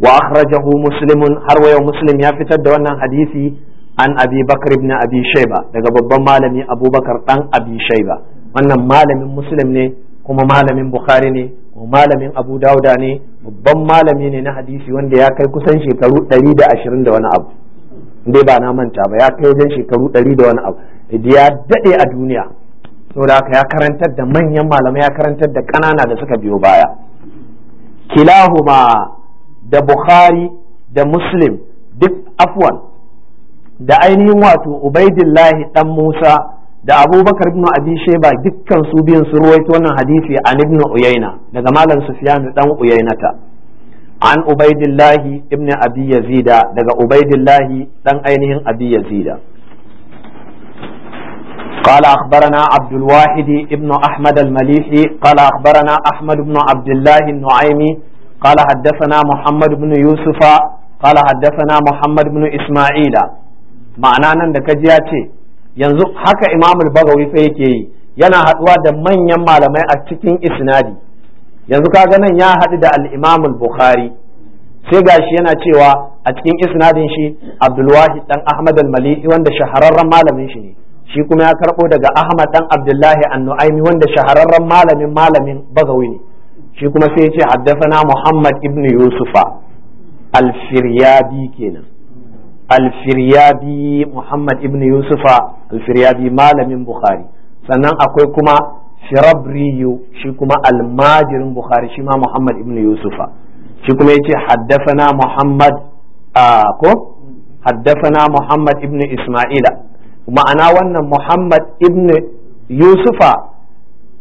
wa akhrajahu muslimun har wayo muslim ya fitar da wannan hadisi an abi bakar ibn abi shaiba daga babban malami abubakar dan abi shaiba wannan malamin muslim ne kuma malamin bukhari ne kuma malamin abu dauda ne babban malami ne na hadisi wanda ya kai kusan shekaru 120 da wani abu dai ba na manta ba ya kai wajen shekaru 100 da wani abu ya dade a duniya saboda haka ya karantar da manyan malamai ya karantar da kanana da suka biyo baya kilahuma da bukhari da muslim duk afwan da ainihin wato ubaidillahi dan musa da abubakar ibn abi sheba dukkan su biyun su ruwaito wannan hadisi an ibn uyaina daga malam sufyan dan uyainata an ubaidillahi ibn abi yazida daga ubaidillahi dan ainihin abi yazida قال أخبرنا عبد الواحد ابن أحمد المليحي قال أخبرنا أحمد بن عبد الله النعيمي قال حدثنا محمد بن يوسف قال حدثنا محمد بن إسماعيل ma'ana nan da kaji ya ce yanzu haka imamul bagawi sai yake yi yana haɗuwa da manyan malamai a cikin isnadi yanzu kaga nan ya haɗu da al-imamul bukhari sai gashi yana cewa a cikin isnadin shi abdulwahid dan ahmad al-maliki wanda shahararren malamin shi ne shi kuma ya karɓo daga ahmad dan abdullahi an-nu'aimi wanda shahararren malamin malamin bagawi ne shi kuma sai ya ce na muhammad ibnu yusufa al firyadi kenan alfiryabi muhammad ibn yusufa alfiryabi malamin bukhari sannan akwai kuma firabriyu shi kuma almajirin bukhari shi muhammad ibn yusufa shi kuma yace haddafana muhammad ko haddafana muhammad ibn isma'ila ma'ana wannan muhammad ibn yusufa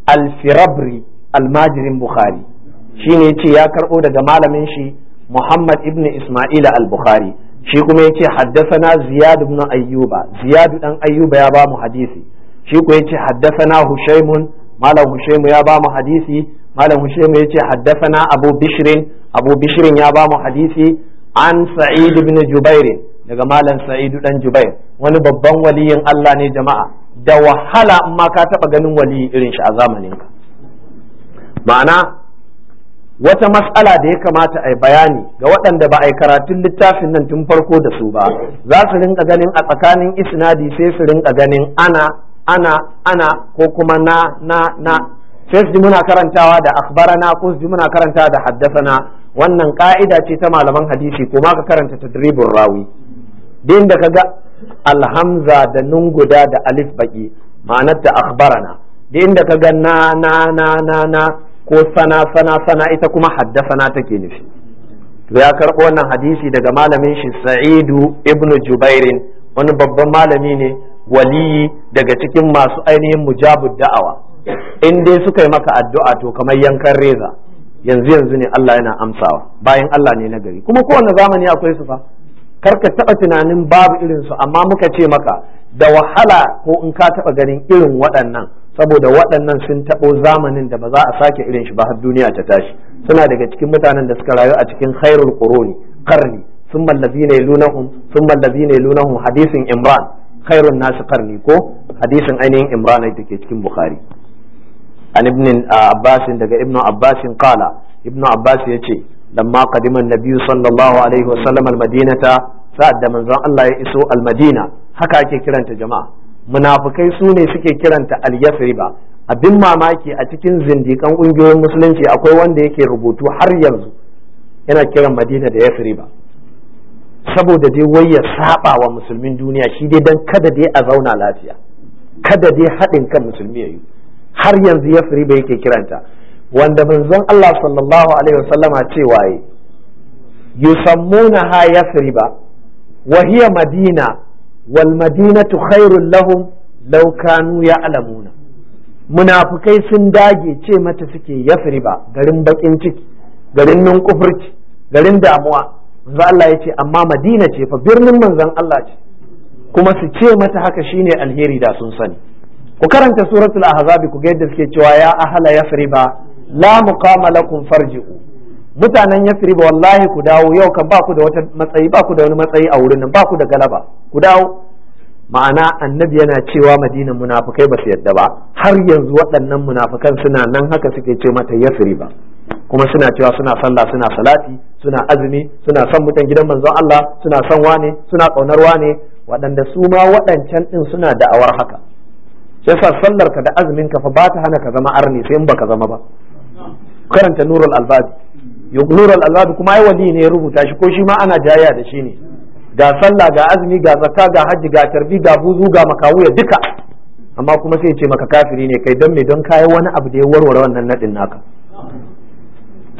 alfirabri almajirin bukhari shine yace ya karbo daga malamin shi muhammad ibn isma'ila al-bukhari shi kuma yace haddathana ziyad ibn ayyuba ziyadu dan ayyuba ya ba mu hadisi shi kuma yace haddathana hushaimun malam hushaymu ya ba mu hadisi malam hushaymu yace haddathana abu bishirin abu bishirin ya ba mu hadisi an sa'idu ibn jubair daga malam sa'idu dan jubair wani babban waliyin Allah ne jama'a da wahala amma ka taba ganin wali irin shi a zamanin ka ma'ana wata matsala da ya kamata a yi bayani ga waɗanda ba a yi karatun littafin nan tun farko da su ba za su rinka ganin a tsakanin isnadi sai su rinka ganin ana ana ana ko kuma na na na sai su muna karantawa da akbarana ko su muna karantawa da haddasana wannan ka'ida ce ta malaman hadisi ko ma ka karanta tadribin rawi din da kaga alhamza da nun guda da alif baki ma'anar ta akbarana din da kaga na na na na na ko sana sana sana ita kuma haddasana take nufi to ya karɓo wannan hadisi daga malamin shi sa'idu ibn jubairin wani babban malami ne waliyi daga cikin masu ainihin mujabud da'awa in dai suka yi maka addu'a to kamar yankan reza yanzu yanzu ne Allah yana amsawa bayan Allah ne na gari kuma kowane zamani akwai su fa kar ka taɓa tunanin babu irin su amma muka ce maka da wahala ko in ka taɓa ganin irin waɗannan saboda waɗannan sun taɓo zamanin da ba za a sake irin shi ba har duniya ta tashi suna daga cikin mutanen da suka rayu a cikin khairul quruni qarni thumma allazina yalunahum thumma allazina yalunahum hadisin imran khairun nasu karni ko hadisin ainihin imran da ke cikin bukhari an ibn abbas daga ibn abbas qala ibn abbas yace lamma qadima an-nabiy sallallahu alaihi wasallam al-madinata sa'ad da manzon Allah ya iso al-madina haka ake kiranta jama'a munafukai su ne suke kiranta al abin mamaki a cikin zindikan ƙungiyoyin musulunci akwai wanda yake rubutu har yanzu yana kiran madina da Yafriba. saboda dai wai ya saba wa musulmin duniya shi dai dan kada dai a zauna lafiya kada dai haɗin kan musulmi ya har yanzu yasriba yake kiranta wanda manzon Allah sallallahu alaihi wasallama cewa yi yusammuna ha yasriba wa hiya madina wal madinatu khairul lahum law kanu ya'lamuna munafukai sun dage ce mata suke yafriba garin bakin ciki garin nan kufurci garin damuwa manzo Allah ya ce amma madina ce fa birnin manzon Allah ce kuma su ce mata haka shine alheri da sun sani ku karanta suratul ahzab ku ga yadda suke cewa ya ahla yasriba la muqama lakum farji'u mutanen ba wallahi ku dawo yau kan ba ku da wata matsayi ba ku da wani matsayi a wurin nan ba ku da galaba ku dawo ma'ana annabi yana cewa madinan munafukai ba su yadda ba har yanzu waɗannan munafukan suna nan haka suke ce mata ba. kuma suna cewa suna sallah suna salati suna azumi suna son mutan gidan manzon Allah suna son wane suna kaunar wane waɗanda su ma waɗancan ɗin suna da'awar haka sai sallar ka da azumin ka fa ba ta hana ka zama arni sai in baka zama ba karanta nurul albabi yuqnur al kuma ai wali ne ya rubuta shi ko shi ma ana jayya da shi ne ga sallah ga azumi ga zakka ga hajji ga tarbi ga buzu ga ya duka amma kuma sai ya ce maka kafiri ne kai don me don kayi wani abu da ya warware wannan nadin naka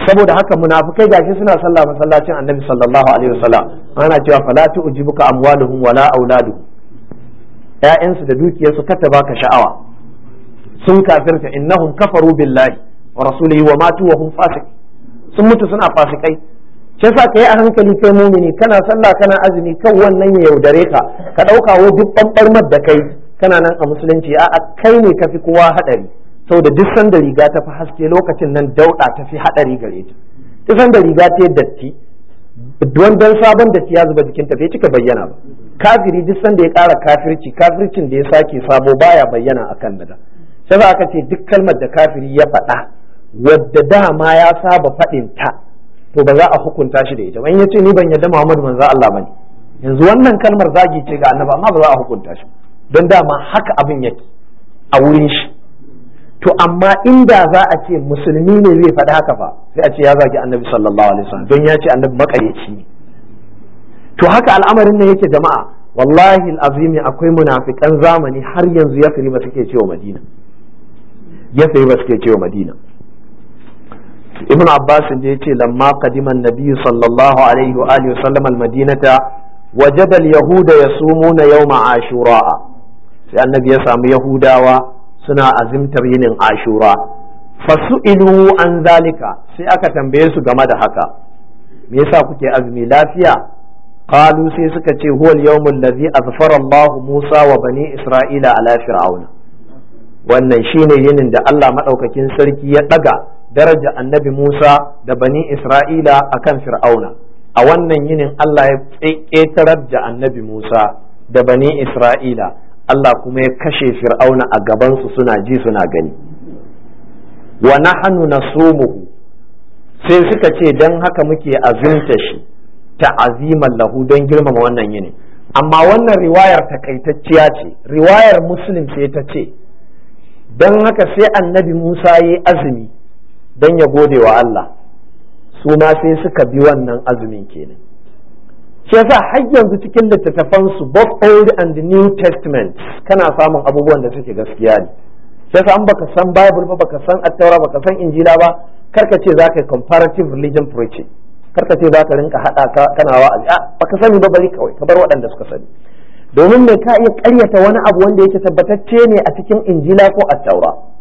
saboda haka munafikai gashi suna sallah masallacin annabi sallallahu alaihi wasallam ana cewa fala tu'jibuka amwaluhum wala auladuhum Ya'yansu da dukiyarsu kata baka sha'awa sun kafirta innahum kafaru billahi wa rasulihi wa matu wa hum sun mutu suna fasikai ce sa ka yi a hankali kai mumini kana sallah kana azumi kan wannan ya yaudare ka ka ɗauka wa duk ɓanɓarmar da kai kana nan a musulunci a'a kai ne ka fi kowa haɗari saboda duk sanda riga ta fi haske lokacin nan dauɗa ta fi haɗari gare ta duk sanda riga ta yi datti don sabon datti ya zuba jikin ta bai cika bayyana ba kafiri duk sanda ya ƙara kafirci kafircin da ya sake sabo baya bayyana akan da ta. sai aka ce duk kalmar da kafiri ya faɗa wadda dama ya saba faɗin ta to ba za a hukunta shi da ita ba in yace ni ban yarda Muhammadu manzo Allah bane yanzu wannan kalmar zagi ce ga annabi amma ba za a hukunta shi don dama haka abin yake a wurin shi to amma inda za a ce musulmi ne zai faɗi haka fa sai a ce ya zagi annabi sallallahu alaihi wasallam don ya ce annabi makareci ne to haka al'amarin ne yake jama'a wallahi al'azim akwai munafikan zamani har yanzu ya ba suke cewa madina ya ba suke cewa madina ibn abbas da ce lamma qadima an-nabi sallallahu alaihi wa alihi wasallam al-madinata wajada al-yahuda yasumuna yawma ashura sai annabi ya samu yahudawa suna azimtar yinin ashura fasu'ilu an zalika sai aka tambaye su game da haka me yasa kuke azumi lafiya qalu sai suka ce huwa al-yawm allazi azfara Musa wa bani Isra'ila ala fir'auna wannan shine yinin da Allah madaukakin sarki ya ɗaga. daraja annabi Musa da bani Isra'ila akan Fir'auna a wannan yinin Allah ya ƙetarar da annabi Musa da bani Isra'ila Allah kuma ya kashe Fir'auna a gabansu suna ji suna gani wa na somuhu, sai suka ce don haka muke azimta shi ta aziman lahu don girmama wannan yinin amma wannan riwayar takaitacciya ce riwayar musulun sai ta ce don haka sai annabi musa ya yi azumi don ya gode wa Allah su ma sai suka bi wannan azumin kenan shi yasa har yanzu cikin littattafan su both old and new testament kana samun abubuwan da suke gaskiya ne shi yasa an baka san bible ba baka san attaura baka san injila ba karka ce zaka yi comparative religion preaching karka ce zaka rinka hada ka kana wa a baka sani ba bari kawai ka bar waɗanda suka sani domin me ka iya ƙaryata wani abu wanda yake tabbatacce ne a cikin injila ko attaura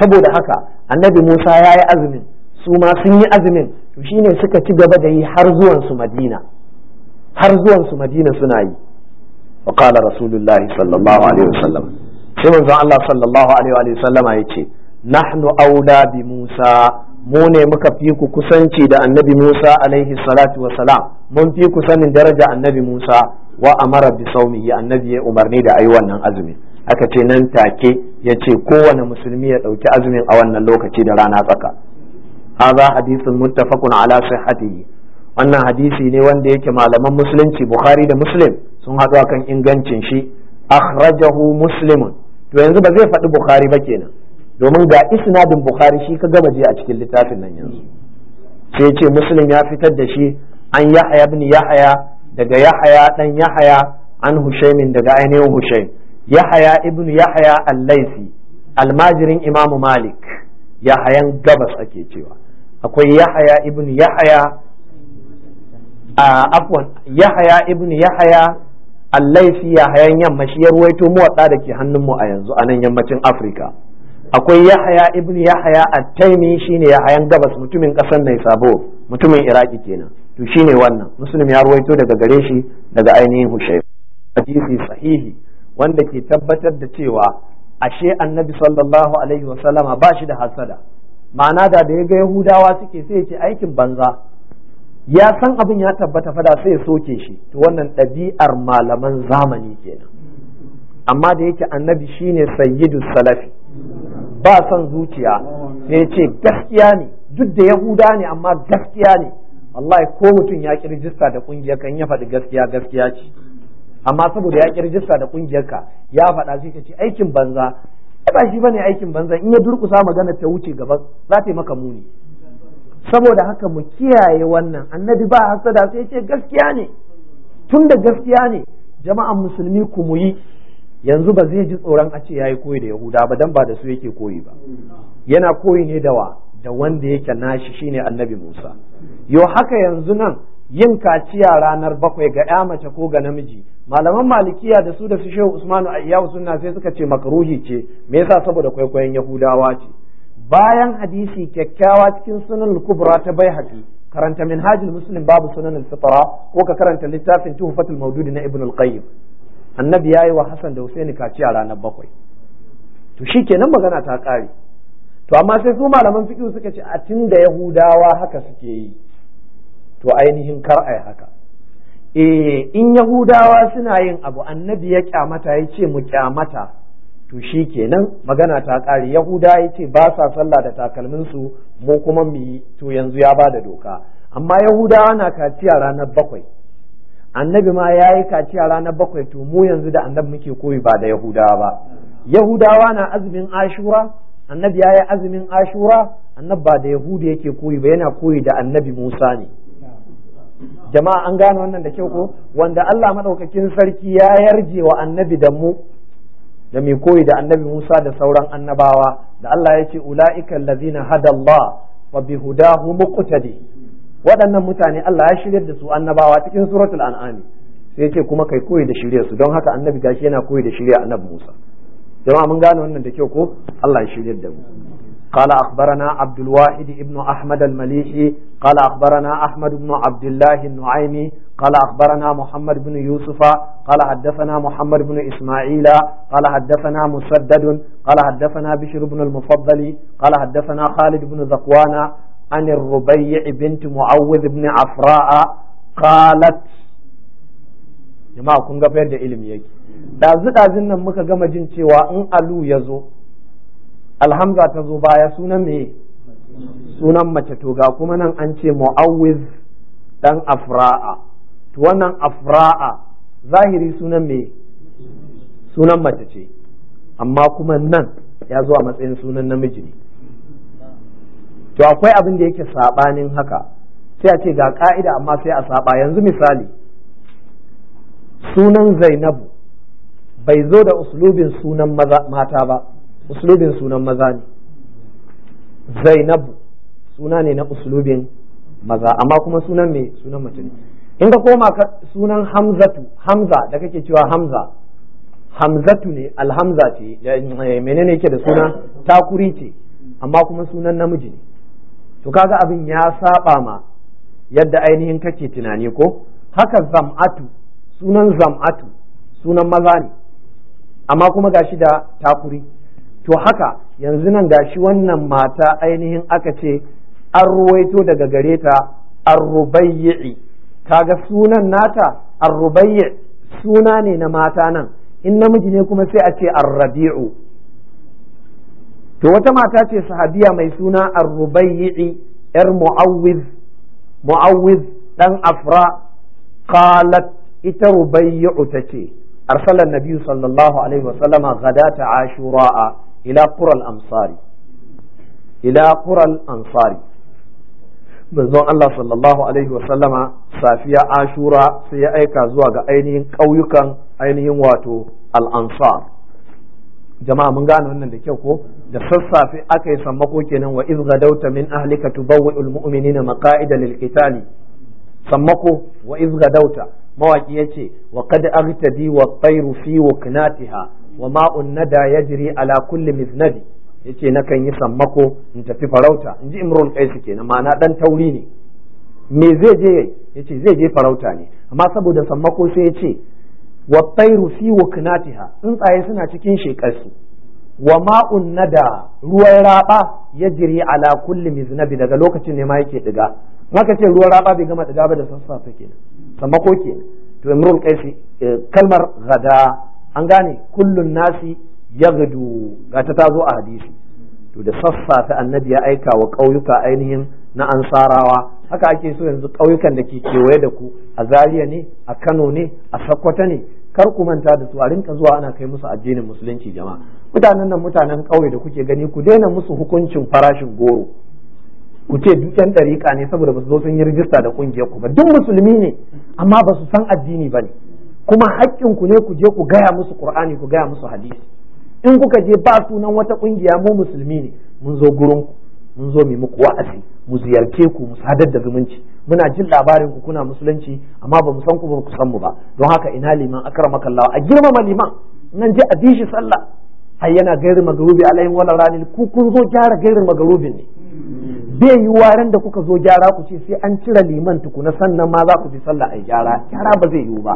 saboda haka annabi Musa ya yi azumin su ma sun yi azumin to shine suka ci gaba da yi har zuwansu Madina har zuwansu Madina suna yi wa qala sallallahu alaihi wasallam sai manzon Allah sallallahu alaihi wasallama yace nahnu aula bi Musa mu ne muka fi ku kusanci da annabi Musa alaihi salatu wa salam mun fi ku sanin daraja annabi Musa wa amara bi saumihi annabi ya umarni da ayi wannan azumi aka ce nan take ya ce kowane musulmi ya ɗauki azumin a wannan lokaci da rana tsaka haza hadisin muttafaqun ala sihhatihi wannan hadisi ne wanda yake malaman musulunci bukhari da muslim sun haɗu akan ingancin shi akhrajahu muslimun to yanzu ba zai faɗi bukhari ba kenan domin ga isnadin bukhari shi ka gama je a cikin littafin nan yanzu sai ce muslim ya fitar da shi an yahaya ibn yahaya daga yahaya dan yahaya an hushaimin daga ainihin hushaimin yahaya ibnu yahaya al-laisi almajirin imamu malik yahayan gabas ake cewa akwai yahaya ibnu yahaya a al-laisi yahayan yamma shi ya ruwaito muwadda da ke hannunmu a yanzu a nan yammacin afirka akwai yahaya ibnu yahaya at-taimi shine yahayan gabas mutumin kasar naisabo mutumin iraki kenan to shine wannan Musulmi, ya ruwaito daga gare shi daga ainihin hushayb hadisi sahihi wanda ke tabbatar da cewa ashe annabi sallallahu alaihi wasallama ba shi da hasada ma'ana da da ya ga yahudawa suke sai ce aikin banza ya san abin ya tabbata fada sai ya soke shi to wannan ɗabi'ar malaman zamani kenan amma da yake annabi shine sayyidu salafi ba son zuciya sai ce gaskiya ne duk da yahuda ne amma gaskiya ne wallahi ko mutum ya ki rijista da kungiya kan ya faɗi gaskiya gaskiya ce amma saboda ya kirjista da kungiyarka ya faɗa zai ka ce aikin banza ba shi bane aikin banza in ya durkusa magana ta wuce gaba za ta yi maka muni saboda haka mu kiyaye wannan annabi ba hasada sai ce gaskiya ne tun da gaskiya ne jama'an musulmi ku mu yanzu ba zai ji tsoron a ce yayi koyi da yahuda ba dan ba da su yake koyi ba yana koyi ne da wa da wanda yake nashi shine annabi Musa yo haka yanzu nan yin kaciya ranar bakwai ga ya mace ko ga namiji malaman malikiya da su da su shehu usmanu iyawu suna sai suka ce makaruhi ce me yasa saboda kwaikwayon yahudawa ce bayan hadisi kyakkyawa cikin sunan kubra ta bai haƙi karanta Minhajin muslim babu sunan al ko ka karanta littafin tuhfatul maududi na ibn al-qayyim annabi yayi wa hasan da husaini kaciya ranar bakwai to shikenan magana ta kare to amma sai su malaman fiqh suka ce a tunda yahudawa haka suke yi to ainihin kar a yi haka eh in yahudawa suna yin abu annabi ya kyamata ya ce mu kyamata to shi kenan magana ta ƙare yahuda ya ce ba sa sallah da takalminsu mu kuma mu yi to yanzu ya ba da doka amma yahudawa na kaciya ranar bakwai annabi ma ya yi kaciya ranar bakwai to mu yanzu da annabi muke koyi ba da yahudawa ba yahudawa na azumin ashura annabi ya yi azumin ashura annabi ba da yahudi yake koyi ba yana koyi da annabi musa ne jama'a an gane wannan da kyau ko wanda Allah madaukakin sarki ya yarje wa annabi da mu da mai koyi da annabi Musa da sauran annabawa da Allah ya ce ula'ika allazina hada Allah wa bi hudahu muqtadi waɗannan mutane Allah ya shirya da su annabawa cikin suratul an'ami sai ce kuma kai koyi da shirya su don haka annabi gashi yana koyi da shirya annabi Musa jama'a mun gane wannan da kyau ko Allah ya shirya da mu قال أخبرنا عبد الواحد ابن أحمد المليحي قال أخبرنا أحمد بن عبد الله النعيمي قال أخبرنا محمد بن يوسف قال حدثنا محمد بن إسماعيل قال حدثنا مسدد قال حدثنا بشر بن المفضل قال حدثنا خالد بن ذقوان عن الربيع بنت معوذ بن عفراء قالت jama'a kun ga da ilimi yake dazu dazun nan muka gama jin cewa in alu ya zo alhamza ta zo baya sunan me sunan mace to ga kuma nan an ce mu'awwiz dan afra'a to wannan afra'a zahiri sunan me sunan mace ce amma kuma nan ya zo a matsayin sunan namiji ne to akwai abin da yake sabanin haka sai a ce ga ka'ida amma sai a saba yanzu misali sunan zainabu bai zo da uslubin sunan mata ba uslubin sunan maza ne zainabu suna ne na uslubin maza amma kuma sunan mai sunan mace ne in ka koma sunan hamzatu hamza da kake cewa hamza hamzatu ne alhamza ce eh, menene yake da suna takuri ce amma kuma sunan namiji ne to kaga abin ya saba ma yadda ainihin kake tunani ko haka zam'atu sunan zam'atu sunan maza ne amma kuma gashi da takuri to haka yanzu nan ga shi wannan mata ainihin aka ce an ruwaito daga gare ta arrubayyi kaga sunan nata arrubayyi suna ne na mata nan in namiji ne kuma sai a ce arrabi'u to wata mata ce sahabiya mai suna arrubayyi yar mu'awwiz mu'awwiz dan afra qalat ita rubayyi ta ce arsalan nabiyyu sallallahu alaihi wasallama ghadata ashura'a ila kural amsari ila qural ansari manzon Allah sallallahu alaihi wa sallama safiya ashura sai ya aika zuwa ga ainihin ƙauyukan ainihin wato al ansa jama'a mun gane wannan da kyau ko da sassafe aka yi sammako kenan wa iz gadauta min ahlika tubawwi'ul mu'minina maqa'ida lil qitali sammako wa iz gadauta mawaki yace wa qad aghtadi wa tayru fi wuknatiha wa ma'un nada yajri ala kulli miznadi na kan yi sammako in tafi farauta in ji imrul qais kenan ma'ana dan tauri ne me zai je yace zai je farauta ne amma saboda sammako sai yace wa tayru fi wuknatiha tsuntsaye suna cikin shekarsu wa ma'un nada ruwan raba ya jiri ala kulli miznabi daga lokacin ne ma yake diga maka ce ruwan raba bai gama diga ba da sassafe kenan sammako kenan to imrul qais eh, kalmar gada an gane kullun nasi yaghdu ga ta zo a hadisi to da sassafe annabi ya aika wa ƙauyuka ainihin na ansarawa haka ake so yanzu ƙauyukan da ke kewaye da ku a Zariya ne a kano ne a sakkwata ne kar ku manta da su a rinka zuwa ana kai musu addinin musulunci jama'a mutanen nan mutanen ƙauye da kuke gani ku daina musu hukuncin farashin goro ku ce duk yan ɗariƙa ne saboda ba su zo sun yi rijista da ƙungiyar ku ba duk musulmi ne amma ba su san addini ba ne kuma ku ne ku je ku gaya musu qur'ani ku gaya musu hadisi in kuka je ba sunan wata ƙungiya mu musulmi ne mun zo gurin mun zo mu muku wa'azi mu ziyarce ku mu sadar da zumunci muna jin labarin ku kuna musulunci amma ba mu san ku ba ku san mu ba don haka ina liman akramaka Allah a girmama liman nan je a bishi sallah ai yana gairin magarubi alaihi wala ranil ku kun zo gyara gairin magarubin ne Zai yi waran da kuka zo gyara ku ce sai an cire liman tukuna sannan ma za ku ji sallah a gyara gyara ba zai yiwu ba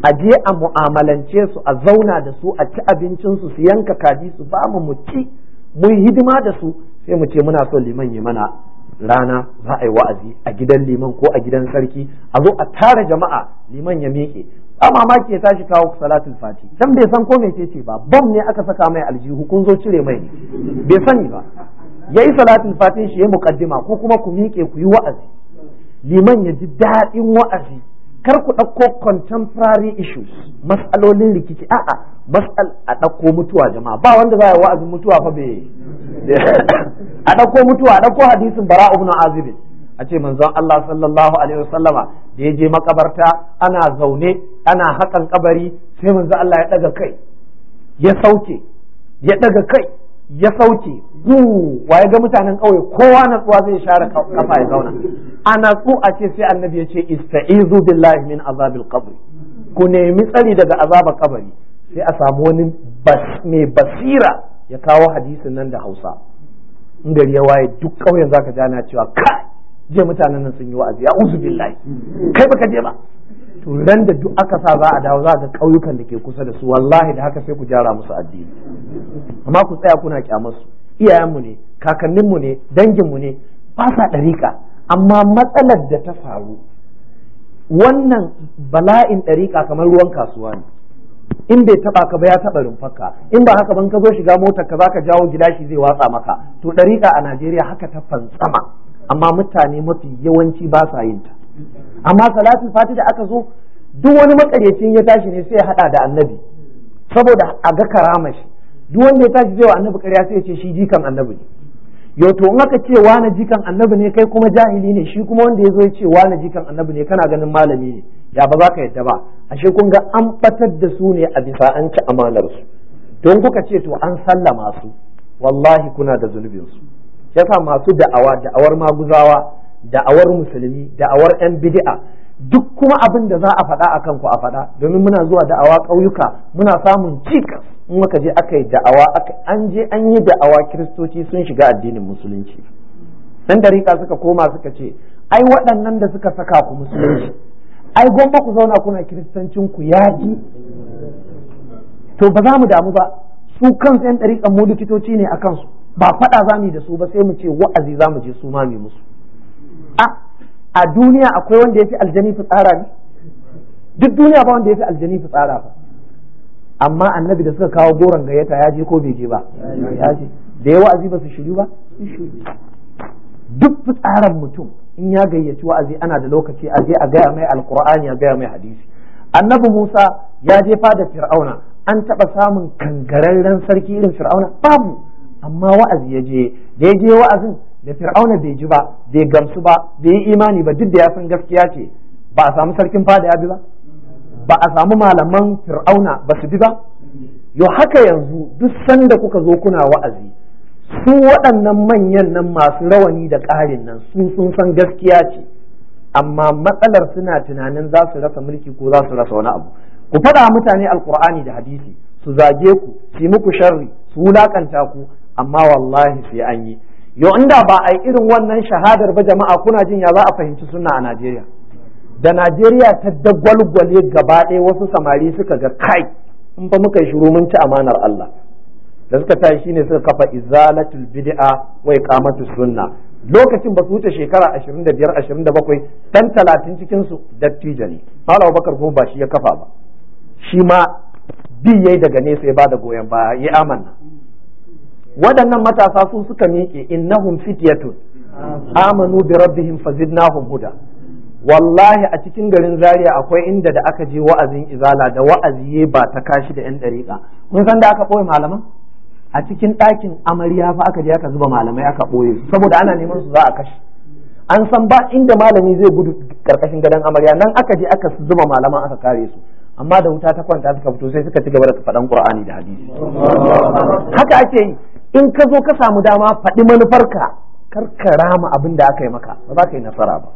a je a mu'amalance su a zauna da su a ci abincin su su yanka kaji su ba mu mu ci mu hidima da su sai mu ce muna so liman yi mana rana za a yi wa'azi a gidan liman ko a gidan sarki a zo a tara jama'a liman ya miƙe ba mamaki ya tashi kawo salatul fati dan bai san ko mai ce ba bom ne aka saka mai aljihu kun zo cire mai bai sani ba yayi salatin fatin shi ya muqaddima ko kuma ku miƙe ku yi wa'azi liman ya ji daɗin wa'azi kar ku ɗauko contemporary issues mas'alolin rikici a'a mas'al a ɗauko mutuwa jama'a ba wanda za a wa'azin mutuwa fa be a ɗauko mutuwa a ɗauko hadisin bara ibn azib a ce manzon Allah sallallahu alaihi wasallama da yaje je makabarta ana zaune ana hakan kabari sai manzon Allah ya daga kai ya sauke ya daga kai ya sauke gu waye ga mutanen ƙauye kowa natsuwa zai share kafa ya zauna a natsu a ce sai annabi ya ce ista'izu billahi min azabil qabri ku nemi tsari daga azabar kabari sai a samu wani mai basira ya kawo hadisin nan da Hausa in gari ya waye duk ƙauyen zaka ji ana cewa kai je mutanen nan sun yi wa'azi ya uzu billahi kai baka je ba to ran da duk aka sa za a dawo za ga ƙauyukan da ke kusa da su wallahi da haka sai ku jara musu addini amma ku tsaya kuna kyamar su iyayenmu ne kakanninmu ne danginmu ne ba sa ɗariƙa amma matsalar da ta faru wannan bala'in ɗariƙa kamar ruwan kasuwa ne in bai taba ka ba ya taba rumfarka in ba haka ban ka zo shiga motar ka zaka jawo gilashi zai watsa maka to ɗariƙa a Najeriya haka ta fantsama amma mutane mafi yawanci ba sa yin ta amma salatul fati da aka zo duk wani makaryacin ya tashi ne sai ya hada da annabi saboda a ga karama shi duk wanda ya tashi zai wa annabi karya sai ya ce shi jikan annabi ne yau to in aka ce wani jikan annabi ne kai kuma jahili ne shi kuma wanda ya zo ya ce wani jikan annabi ne kana ganin malami ne ya ba za ka yadda ba ashe kun ga an batar da su ne a bisa an ci amanar su don kuka ce to an sallama su wallahi kuna da zunubin su yasa masu da'awa da'awar maguzawa da'awar musulmi da'awar 'yan bid'a duk kuma abin da za a faɗa a kanku a faɗa domin muna zuwa da'awa ƙauyuka muna samun cikas in muka je aka yi da'awa an je an yi da'awa kiristoci sun shiga addinin musulunci dan dariƙa suka koma suka ce ai waɗannan da suka saka ku musulunci ai gomba ku zauna kuna kiristancin ku yaƙi to ba za mu damu ba su kansu 'yan ɗariƙan mu likitoci ne a kansu ba faɗa za mu yi da su ba sai mu ce wa'azi za mu je su ma musu a duniya akwai wanda ya fi aljani fitsara ne duk duniya ba wanda ya fi aljani fitsara ba amma annabi da suka kawo goron gayyata ya je ko bai je ba ya je da yawa azi ba su shiru ba duk fitsaran mutum in ya gayyaci wa'azi ana da lokaci a je a gaya mai alkur'ani a gaya mai hadisi annabi musa ya je fada fir'auna an taɓa samun kangararren sarki irin fir'auna babu amma wa'azi ya je da ya je wa'azin da fir'auna bai ji ba bai gamsu ba bai yi imani ba duk da ya san gaskiya ce ba a samu sarkin fada ya bi ba ba a samu malaman fir'auna ba su bi ba yo haka yanzu duk sanda kuka zo kuna wa'azi su waɗannan manyan nan masu rawani da ƙarin nan su sun san gaskiya ce amma matsalar suna tunanin za su rasa mulki ko za su rasa wani abu ku faɗa mutane alkur'ani da hadisi su zage ku su muku sharri su wulaƙanta ku amma wallahi sai an yi yo inda ba a yi irin wannan shahadar ba jama'a kuna jin ya za a fahimci suna a Najeriya da Najeriya ta dagwalgwale gaba ɗaya wasu samari suka ga kai in ba muka yi shiru mun ci amanar Allah da suka tashi shine suka kafa izalatul bid'a wa iqamatus sunna lokacin ba su wuce shekara 25 27 dan 30 cikin su dattijo ne Malam Abubakar kuma ba shi ya kafa ba shi ma bi yayi daga nesa ya da goyon baya ya amanna waɗannan matasa su suka miƙe innahum fityatun amanu bi rabbihim fazidnahum huda wallahi a cikin garin zaria akwai inda da aka je wa'azin izala da wa'azi ba ta kashi da yan dariƙa Kun san da aka ɓoye malaman a cikin ɗakin amarya fa aka je aka zuba malamai aka ɓoye saboda ana neman su za a kashe an san ba inda malami zai gudu karkashin gadon amarya nan aka je aka zuba malaman aka kare su amma da wuta ta kwanta suka fito sai suka ci gaba da faɗan qur'ani da hadisi haka ake yi in ka zo ka samu dama faɗi manufarka kar ka rama abin da aka yi maka ba za ka yi nasara ba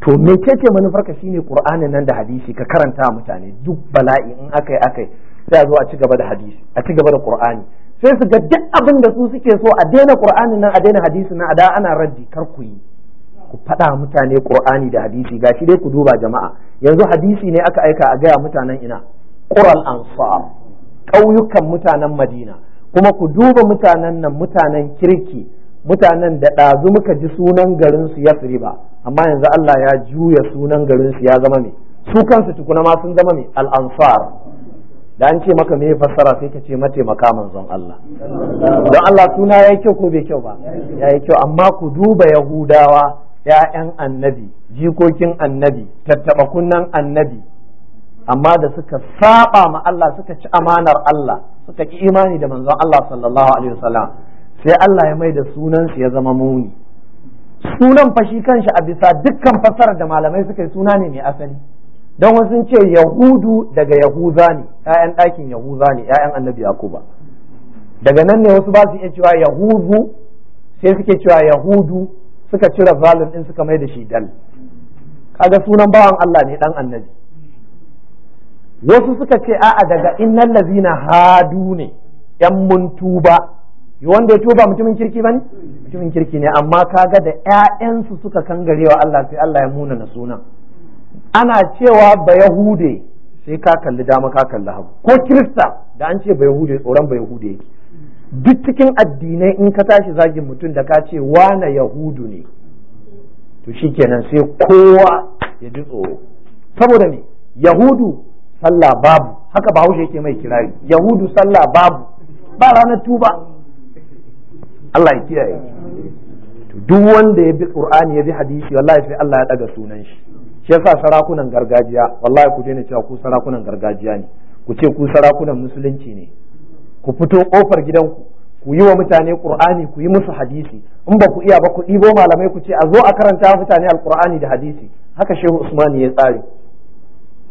to me ke manufarka shine qur'ani nan da hadisi ka karanta mutane duk bala'i in akai akai sai a zo a ci gaba da hadisi a ci gaba da qur'ani sai su ga duk abin da su suke so a daina qur'ani nan a daina hadisi nan a da ana raddi kar ku yi ku faɗa mutane qur'ani da hadisi gashi dai ku duba jama'a yanzu hadisi ne aka aika a gaya mutanen ina qural ansar ƙauyukan mutanen madina kuma ku duba mutanen nan mutanen kirki mutanen da ɗazu muka ji sunan garinsu ya ba amma yanzu Allah ya juya sunan garinsu ya zama mai su kansu tukuna ma sun zama mai al'ansar da an ce maka me fassara sai ka ce mataimaka manzon Allah don Allah suna ya yi kyau ko bai kyau ba ya yi kyau amma ku duba yahudawa ‘ya'yan annabi jikokin annabi tattaɓa kunnan annabi amma da suka saba ma Allah suka ci amanar Allah suka ki imani da manzon Allah sallallahu alaihi wasallam sai Allah ya mai da sunan ya zama muni sunan fa shi kanshi a bisa dukkan fasarar da malamai suka yi suna ne mai asali don wasu ce yahudu daga yahuza ne ƴaƴan dakin yahuza ne ƴaƴan annabi yakuba daga nan ne wasu ba su iya cewa yahudu sai suke cewa yahudu suka cire zalun din suka mai da shi dal kaga sunan bawan Allah ne dan annabi wasu suka ce a'a daga innal lazina hadu ne yan mun tuba wanda ya tuba mutumin kirki bane mutumin kirki ne amma kaga da ƴaƴansu suka kangarewa Allah sai Allah ya muna na sunan ana cewa ba yahude sai ka kalli dama ka kalli hagu ko kirista da an ce ba yahude tsoron ba yahude yake duk cikin addinai in ka tashi zagin mutum da ka ce wane yahudu ne to shikenan sai kowa ya ji tsoro saboda me yahudu sallah babu haka bahaushe yake mai kirari yahudu sallah babu ba ranar tuba Allah ya kiyaye duk wanda ya bi qur'ani ya bi hadisi wallahi sai Allah ya daga sunan shi shi yasa sarakunan gargajiya wallahi ku daina cewa ku sarakunan gargajiya ne ku ce ku sarakunan musulunci ne ku fito kofar gidanku ku yi wa mutane qur'ani ku yi musu hadisi in ba ku iya ba ku ɗibo malamai ku ce a zo a karanta mutane alqur'ani da hadisi haka shehu usmani ya tsare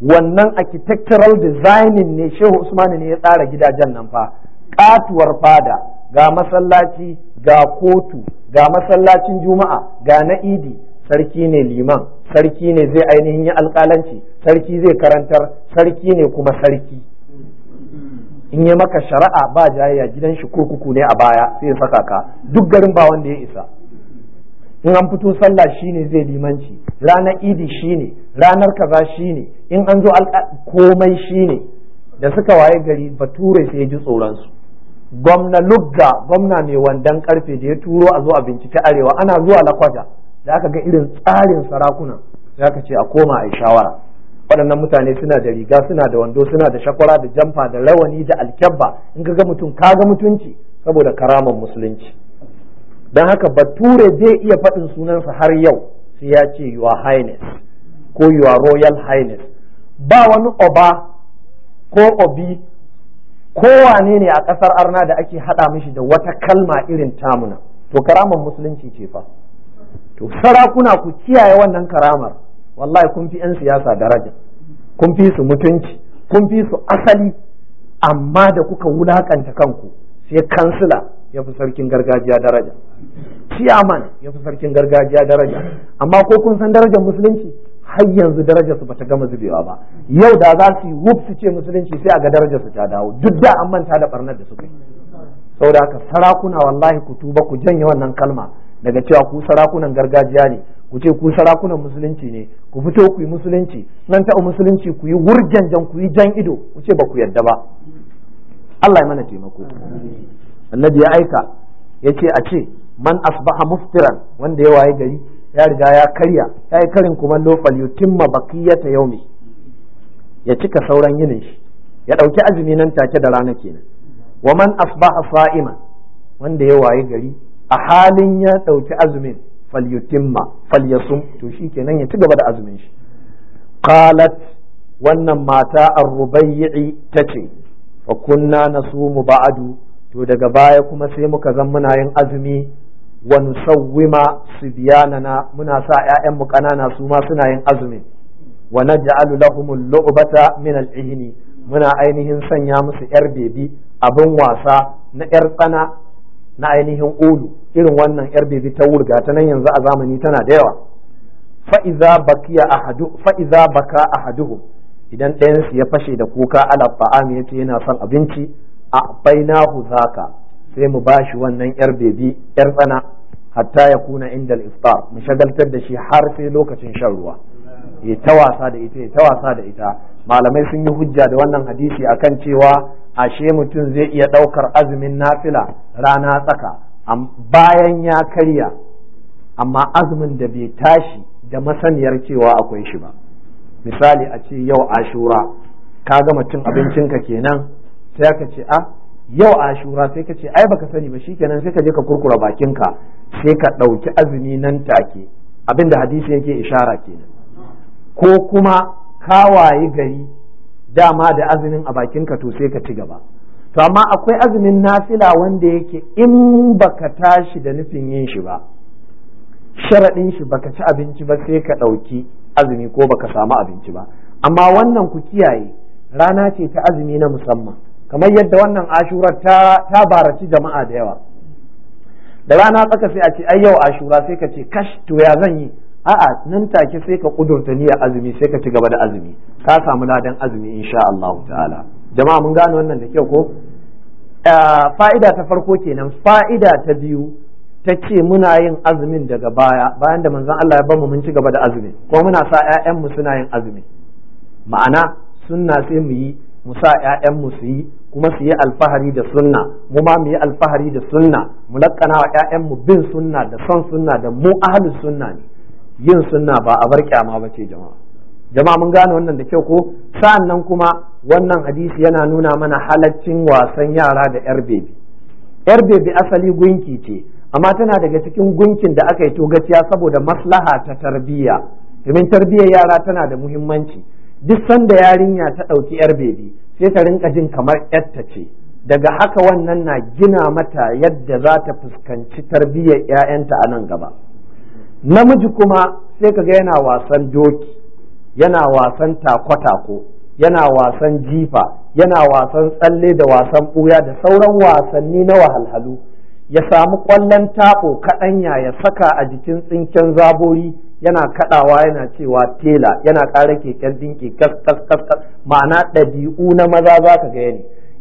wannan architectural designing ne shehu usmani ne ya tsara gidajen nan fa katuwar fada ga masallaci ga kotu ga masallacin juma'a ga na idi sarki ne liman sarki ne zai ainihin yi alkalanci sarki zai karantar sarki ne kuma sarki in yi maka shari'a ba jayayya gidan shi kurkuku ne a baya sai ya saka ka duk garin ba wanda ya isa in an fito sallah shine zai limanci ranar idi shine ranar kaza shine in an zo komai shine da suka waye gari bature sai ya ji tsoronsu gwamna lugga gwamna mai wandan karfe da ya turo a zo a bincike arewa ana zuwa lakwata da aka ga irin tsarin sarakunan ya ka ce a koma a yi shawara waɗannan mutane suna da riga suna da wando suna da shakwara da jamfa da rawani da alkyabba in ka ga mutum ka ga mutunci saboda karamar musulunci don haka bature zai iya faɗin sunansa har yau sai ya ce your highness ko your royal highness ba wani oba ko obi ko wane ne a ƙasar arna da ake haɗa mishi da wata kalma irin tamuna to karamar musulunci ce fa to sarakuna ku kiyaye wannan karamar wallahi kun fi 'yan siyasa daraja kun fi su mutunci kun fi su asali amma da kuka wulakanta kanku sai kansila ya fi sarkin gargajiya daraja ciyaman ya fi sarkin gargajiya daraja amma ko kun san darajar musulunci har yanzu darajar su bata gama zubewa ba yau da za su yi wuf su ce musulunci sai a ga darajar su ta dawo duk da an manta da barnar da suka yi saboda haka sarakuna wallahi ku tuba ku janye wannan kalma daga cewa ku sarakunan gargajiya ne ku ce ku sarakunan musulunci ne ku fito ku yi musulunci nan taɓa musulunci ku yi jan ku yi jan ido ku ce ba ku yadda ba Allah ya mana taimako annabi ya aika ya ce a ce man asbaha muftiran wanda ya waye gari ya riga ya karya ya yi karin kumallo falyutimma bakiyata yaumi ya cika sauran yinin shi ya ɗauki azumi nan take da rana kenan wa man asbaha sa'ima wanda ya waye gari a halin ya ɗauki azumin falyutimma falyasum to shi kenan ya ci gaba da azumin shi qalat wannan mata ar-rubayyi tace fa kunna nasumu ba'du to daga baya kuma sai muka zan muna yin azumi wa nusawwima sibyanana muna sa ƴaƴan mu ƙanana su ma suna yin azumi wa naj'alu lahumul lu'bata min al-ihni muna ainihin sanya musu yar bebi abin wasa na yar tsana na ainihin ulu irin wannan yar bebi ta wurga ta nan yanzu a zamani tana da yawa fa'iza bakiya ahadu fa'iza baka ahaduhu idan ɗayansu ya fashe da kuka ala ta'ami yace yana son abinci a'tainahu zaka sai mu bashi wannan yar bebi yar tsana hatta ya kuna inda iftar mu shagaltar da shi har sai lokacin shan ruwa ya ta wasa da ita ya ta wasa da ita malamai sun yi hujja da wannan hadisi akan cewa ashe mutum zai iya ɗaukar azumin nafila rana tsaka bayan ya karya amma azumin da bai tashi da masaniyar cewa akwai shi ba misali a ce yau ashura ka gama cin abincinka kenan sai aka ce ah, a yau ashura sai ka ce ai baka sani ba shikenan sai ka je ka kurkura bakinka sai ka ɗauki azumi nan take abinda hadisi yake ishara kenan ko kuma kawaye gari dama da azumin a bakinka to sai ka ci gaba to amma akwai azumin nafila wanda yake in baka tashi da nufin yin shi ba sharaɗin shi baka ci abinci ba sai ka ɗauki azumi ko baka samu abinci ba amma wannan ku kiyaye rana ce ta azumi na musamman kamar yadda wannan ashura ta baraci jama'a da yawa da rana tsaka sai a ce ai yau ashura sai ka ce kash to ya zan yi a'a nan take sai ka kudurta niyyar azumi sai ka ci gaba da azumi ka samu ladan azumi insha Allah ta'ala jama'a mun gane wannan da kyau ko eh, fa'ida ta farko kenan fa'ida ta biyu ta ce muna yin azumin daga baya bayan da manzon Allah ya bamu mun ci gaba da azumi ko muna sa ƴaƴanmu suna yin azumi ma'ana sunna sai mu yi mu sa ƴaƴanmu su yi kuma su yi alfahari da sunna mu ma mu yi alfahari da sunna mu lakkana wa ƴaƴan mu bin sunna da son sunna da mu ahlus sunna ne yin sunna ba a bar kyama ba ce jama'a jama'a mun gane wannan da kyau ko sa'an nan kuma wannan hadisi yana nuna mana halaccin wasan yara da yar bebi yar bebi asali gunki ce amma tana daga cikin gunkin da aka yi togaciya saboda maslaha ta tarbiyya domin tarbiyyar yara tana da muhimmanci duk sanda yarinya ta ɗauki yar bebi sai ta rinka jin kamar yatta ce daga haka wannan na gina mata yadda za ta fuskanci tarbiyyar 'ya'yanta a nan gaba namiji kuma sai ka ga yana wasan doki yana wasan tako-tako yana wasan jifa yana wasan tsalle da wasan ɓuya da sauran wasanni na wahalhalu ya samu ƙwallon taɓo kaɗanya ya saka a jikin tsinken zabori yana kadawa yana cewa tela yana kara keken dinki kas ma'ana ɗabi'u na maza za ka gaya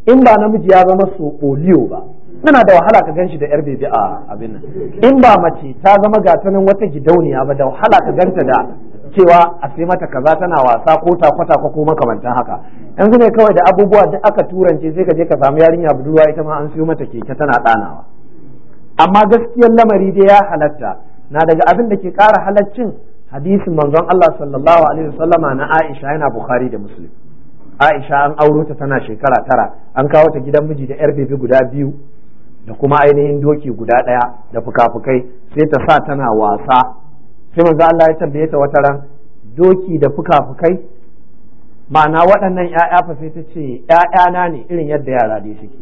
in ba namiji ya zama su polio ba yana da wahala ka ganshi da yar bebe a abin nan in ba mace ta zama gatanin wata gidauniya ba da wahala ka ganta da cewa a sai mata kaza tana wasa ko ta kwata ko kamantan haka yanzu ne kawai da abubuwa da aka turance sai ka je ka samu yarinya budurwa ita ma an siyo mata keke tana danawa amma gaskiyar lamari dai ya halatta na daga abin da ke ƙara halaccin hadisin manzon Allah sallallahu alaihi wasallama na Aisha yana Bukhari da Muslim Aisha an auro ta tana shekara tara an kawo ta gidan miji da yar bebe guda biyu da kuma ainihin doki guda ɗaya da fuka sai ta sa tana wasa sai manzon Allah ya tambaye ta wata ran doki da fuka ma'ana waɗannan ‘ya'ya fa sai ta ce ‘ya'yana ne irin yadda yara da suke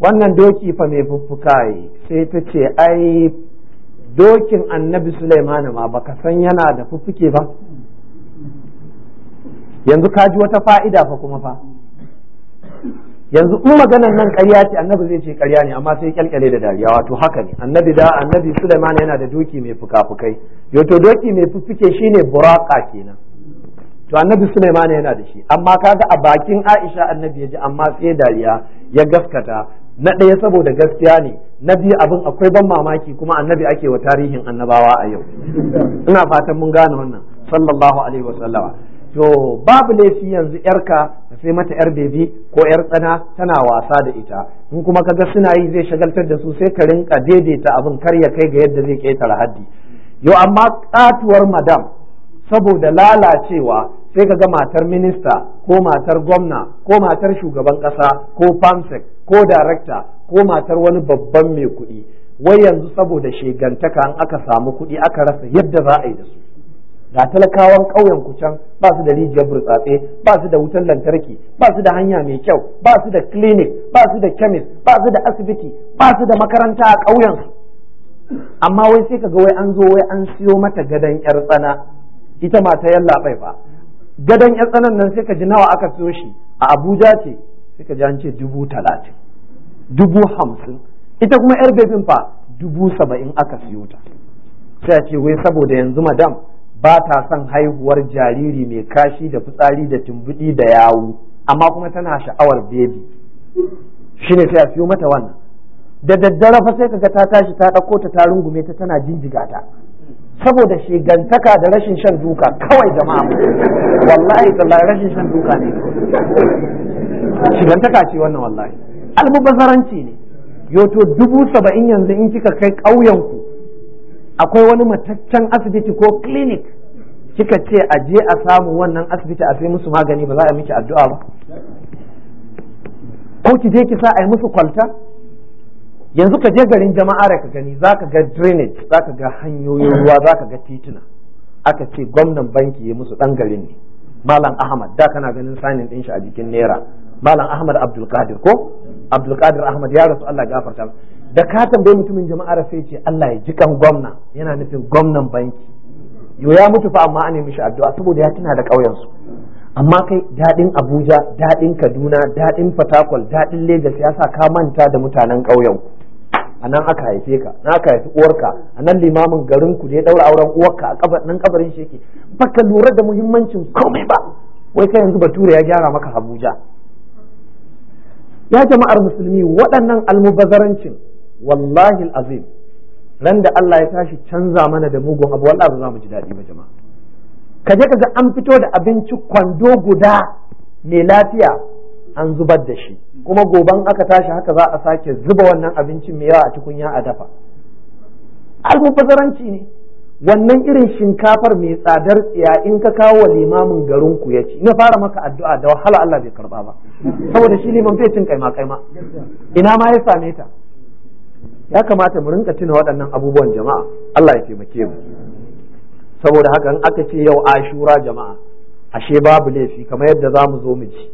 wannan doki fa mai fuffuka sai ta ce ai dokin annabi Sulaimana ma baka san yana da fuffuke ba yanzu ka ji wata fa'ida fa kuma fa yanzu in maganan nan ƙarya ce annabi zai ce ƙarya ne amma sai kyalkyale da dariya wato haka ne annabi da annabi Sulaiman yana da doki mai fuka-fukai yato doki mai fuffuke shine buraka kenan to annabi Sulaiman yana da shi amma kaga a bakin Aisha annabi ya ji amma sai dariya ya gaskata na ɗaya saboda gaskiya ne na biyu abin akwai ban mamaki kuma annabi ake wa tarihin annabawa a yau ina fatan mun gane wannan sallallahu alaihi wasallama to babu laifi yanzu yarka ta sai mata yar bebi ko yar tsana tana wasa da ita in kuma kaga suna yi zai shagaltar da su sai ka rinka daidaita abin kar ya kai ga yadda zai ketare haddi yo amma katuwar madam saboda lalacewa sai ka ga matar minista ko matar gwamna ko matar shugaban ƙasa ko famsek ko darakta ko matar wani babban mai kuɗi wai yanzu saboda shegantaka an aka samu kuɗi aka rasa yadda za a yi da su ga talakawan ƙauyen ku can ba su da rijiyar burtsatse ba su da wutar lantarki ba su da hanya mai kyau ba su da clinic ba su da chemist ba su da asibiti ba su da makaranta a ƙauyen amma wai sai ka ga wai an zo wai an siyo mata gadon yar tsana ita mata yalla bai ba gadon ya tsanan nan sai ka ji nawa aka siyo shi a abuja ce sai ka ji an ce dubu talatin dubu hamsin ita kuma yar bebin fa dubu saba'in aka siyo ta sai a ce wai saboda yanzu madam ba ta son haihuwar jariri mai kashi da fitsari da tumbuɗi da yawu amma kuma tana sha'awar bebi ne sai a siyo mata wannan da daddare fa sai ka ga ta tashi ta ɗauko ta ta rungume ta tana jinjiga ta saboda shigantaka da rashin shan duka kawai jama'a wallahi tallahi rashin shan duka ne Shigantaka ce wannan wallahi almubazaranci ne yoto dubu saba'in yanzu in kika kai ƙauyenku akwai wani mataccen asibiti ko clinic kika ce a je a samu wannan asibiti a sai musu magani ba za a miki addu'a ba ko ki je ki sa a yi musu kwalta yanzu ka je garin jama'a da ka gani za ka ga drainage za ka ga hanyoyin ruwa za ka ga tituna aka ce gwamnan banki ya musu dan garin ne malam ahmad da kana ganin sanin din shi a jikin naira malam ahmad abdulkadir ko abdulkadir ahmad ya rasu allah ya gafarta da ka tambayi mutumin jama'a da sai ce allah ya jikan gwamna yana nufin gwamnan banki yo ya mutu fa amma an yi mishi addu'a saboda ya tuna da ƙauyen su amma kai daɗin abuja daɗin kaduna daɗin fatakwal daɗin Legas ya sa ka manta da mutanen ƙauyen a nan aka haife ka na aka haifi uwarka a nan limamin garin ku da ya daura auren uwarka a kabar nan kabarin shi yake baka lura da muhimmancin komai ba wai kai yanzu bature ya gyara maka Abuja ya jama'ar musulmi waɗannan almubazarancin wallahi azim ran da Allah ya tashi canza mana da mugun abu wallahi ba za mu ji daɗi ba jama'a ka je an fito da abinci kwando guda mai lafiya an zubar da shi kuma goban aka tashi haka za a sake zuba wannan abincin mai yawa a tukunya a dafa almubazaranci ne wannan irin shinkafar mai tsadar tsiya in ka kawo wa limamin garin ku ya ci na fara maka addu'a da wahala Allah bai karba ba saboda shi liman bai cin kaima kaima ina ma ya same ta ya kamata mu rinka tuna waɗannan abubuwan jama'a Allah ya taimake mu saboda haka in aka ce yau ashura jama'a ashe babu laifi kamar yadda za mu zo mu ji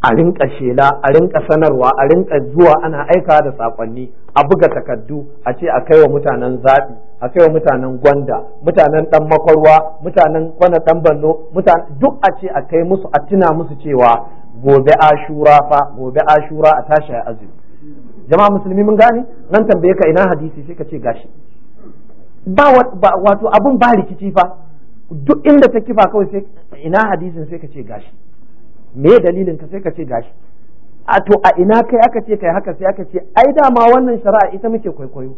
a rinka shela a rinka sanarwa a rinka zuwa ana aika da sakonni a buga takardu a ce a kai wa mutanen zaɓi a kai wa mutanen gwanda mutanen ɗan makwarwa mutanen kwana ɗan banno duk a ce a kai musu a tuna musu cewa gobe ashura fa gobe ashura a tashi a azumi jama'a musulmi mun gane nan tambaye ka ina hadisi sai ka ce gashi ba wato abun ba rikici fa duk inda ta kifa kawai sai ina hadisin sai ka ce gashi me dalilin ka sai ka ce gashi a to a ina kai aka ce kai haka sai aka ce ai dama wannan shari'a ita muke kwaikwayo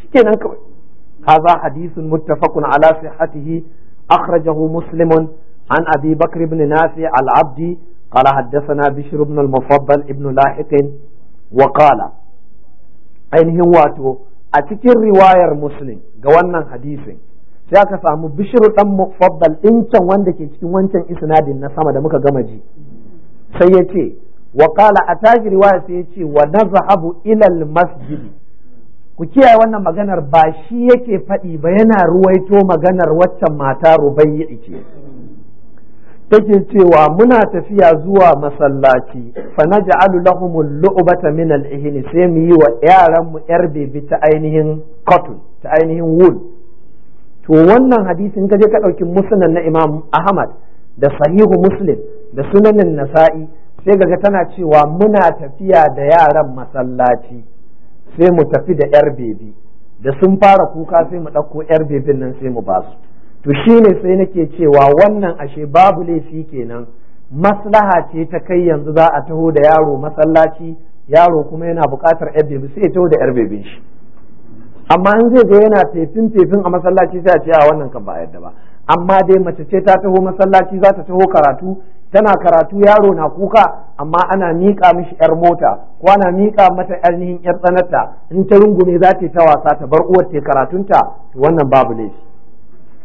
shikenan kawai hadha hadithun muttafaqun ala sihhatihi akhrajahu muslimun an abi bakr ibn nafi al-abdi قال حدثنا بشر بن المفضل ابن لاحق وقال ainihin wato a cikin riwayar muslim ga wannan hadisin za ka samu bishiru dan mufaddal din can wanda ke cikin wancan isnadin na sama da muka gama ji sai ya ce wa qala ataji riwaya sai ya ce wa nazhabu ila al masjid ku kiyaye wannan maganar ba shi yake faɗi ba yana ruwaito maganar waccan mata rubayyi ce take cewa muna tafiya zuwa masallaci fa naj'alu lahum lu'bata min al-ihni sai mu yi wa yaran mu yar bebi ta ainihin cotton ta ainihin wul. to wannan hadisin ka je ka ɗauki musnad na imam ahmad da sahihu muslim da sunanin nasa'i sai ga tana cewa muna tafiya da yaran masallaci sai mu tafi da yar bebi da sun fara kuka sai mu ɗauko yar bebin nan sai mu ba su to ne sai nake cewa wannan ashe babu laifi kenan maslaha ce ta kai yanzu za a taho da yaro masallaci yaro kuma yana buƙatar yar bebi sai ya taho da yar bebin shi amma in zai ga yana tefin tefin a masallaci sai a ce a wannan kan ba yadda ba amma dai mace ce ta taho masallaci za ta taho karatu tana karatu yaro na kuka amma ana miƙa mishi yar mota ko ana miƙa mata ainihin yar tsanarta in ta rungume za ta ta wasa ta bar uwar ta karatunta to wannan babu laifi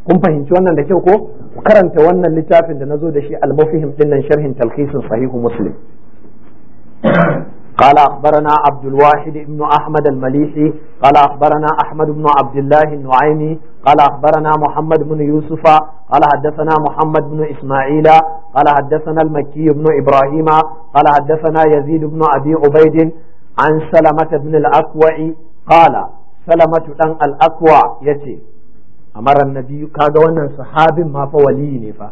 kun fahimci wannan da kyau ko ku karanta wannan littafin da na zo da shi al ɗinnan dinnan sharhin talqisin sahihu muslim قال أخبرنا عبد الواحد بن أحمد المليحي قال أخبرنا أحمد بن عبد الله النعيمي قال أخبرنا محمد بن يوسف قال حدثنا محمد بن إسماعيل قال حدثنا المكي بن إبراهيم قال حدثنا يزيد بن أبي عبيد عن سلمة بن الأكوع قال سلمة بن الأكوع يتي amara nabi kaga wannan sahabin ma fa waliyi ne fa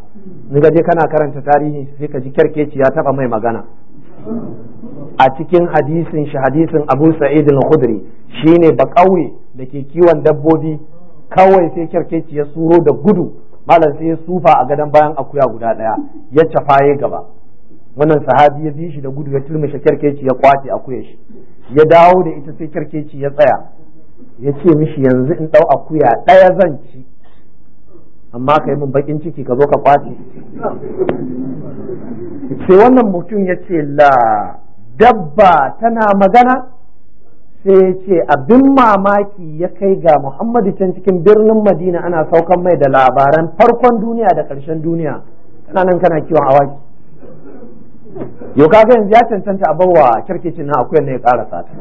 ni ga je kana karanta tarihi sai ka ji kyarkeci ya taba mai magana a cikin hadisin shi hadisin abu sa'id al-khudri shine ba kauye da ke kiwon dabbobi kawai sai kirkeci ya suro da gudu malam sai ya sufa a gadon bayan akuya guda daya ya tafaye gaba wannan sahabi ya bi shi da gudu ya shi kirkeci ya kwace akuyar shi ya dawo da ita sai kirkeci ya tsaya ya ce mishi yanzu in dau akuya daya zan ci amma ka yi min bakin ciki ka zo ka kwace sai wannan mutum ya ce la dabba tana magana sai ya ce abin mamaki ya kai ga muhammadu can cikin birnin madina ana saukan mai da labaran farkon duniya da ƙarshen duniya kana nan kana kiwon awaki yau kaga yanzu ya cancanta a bawa kirkicin na akuyar ne ya kara sata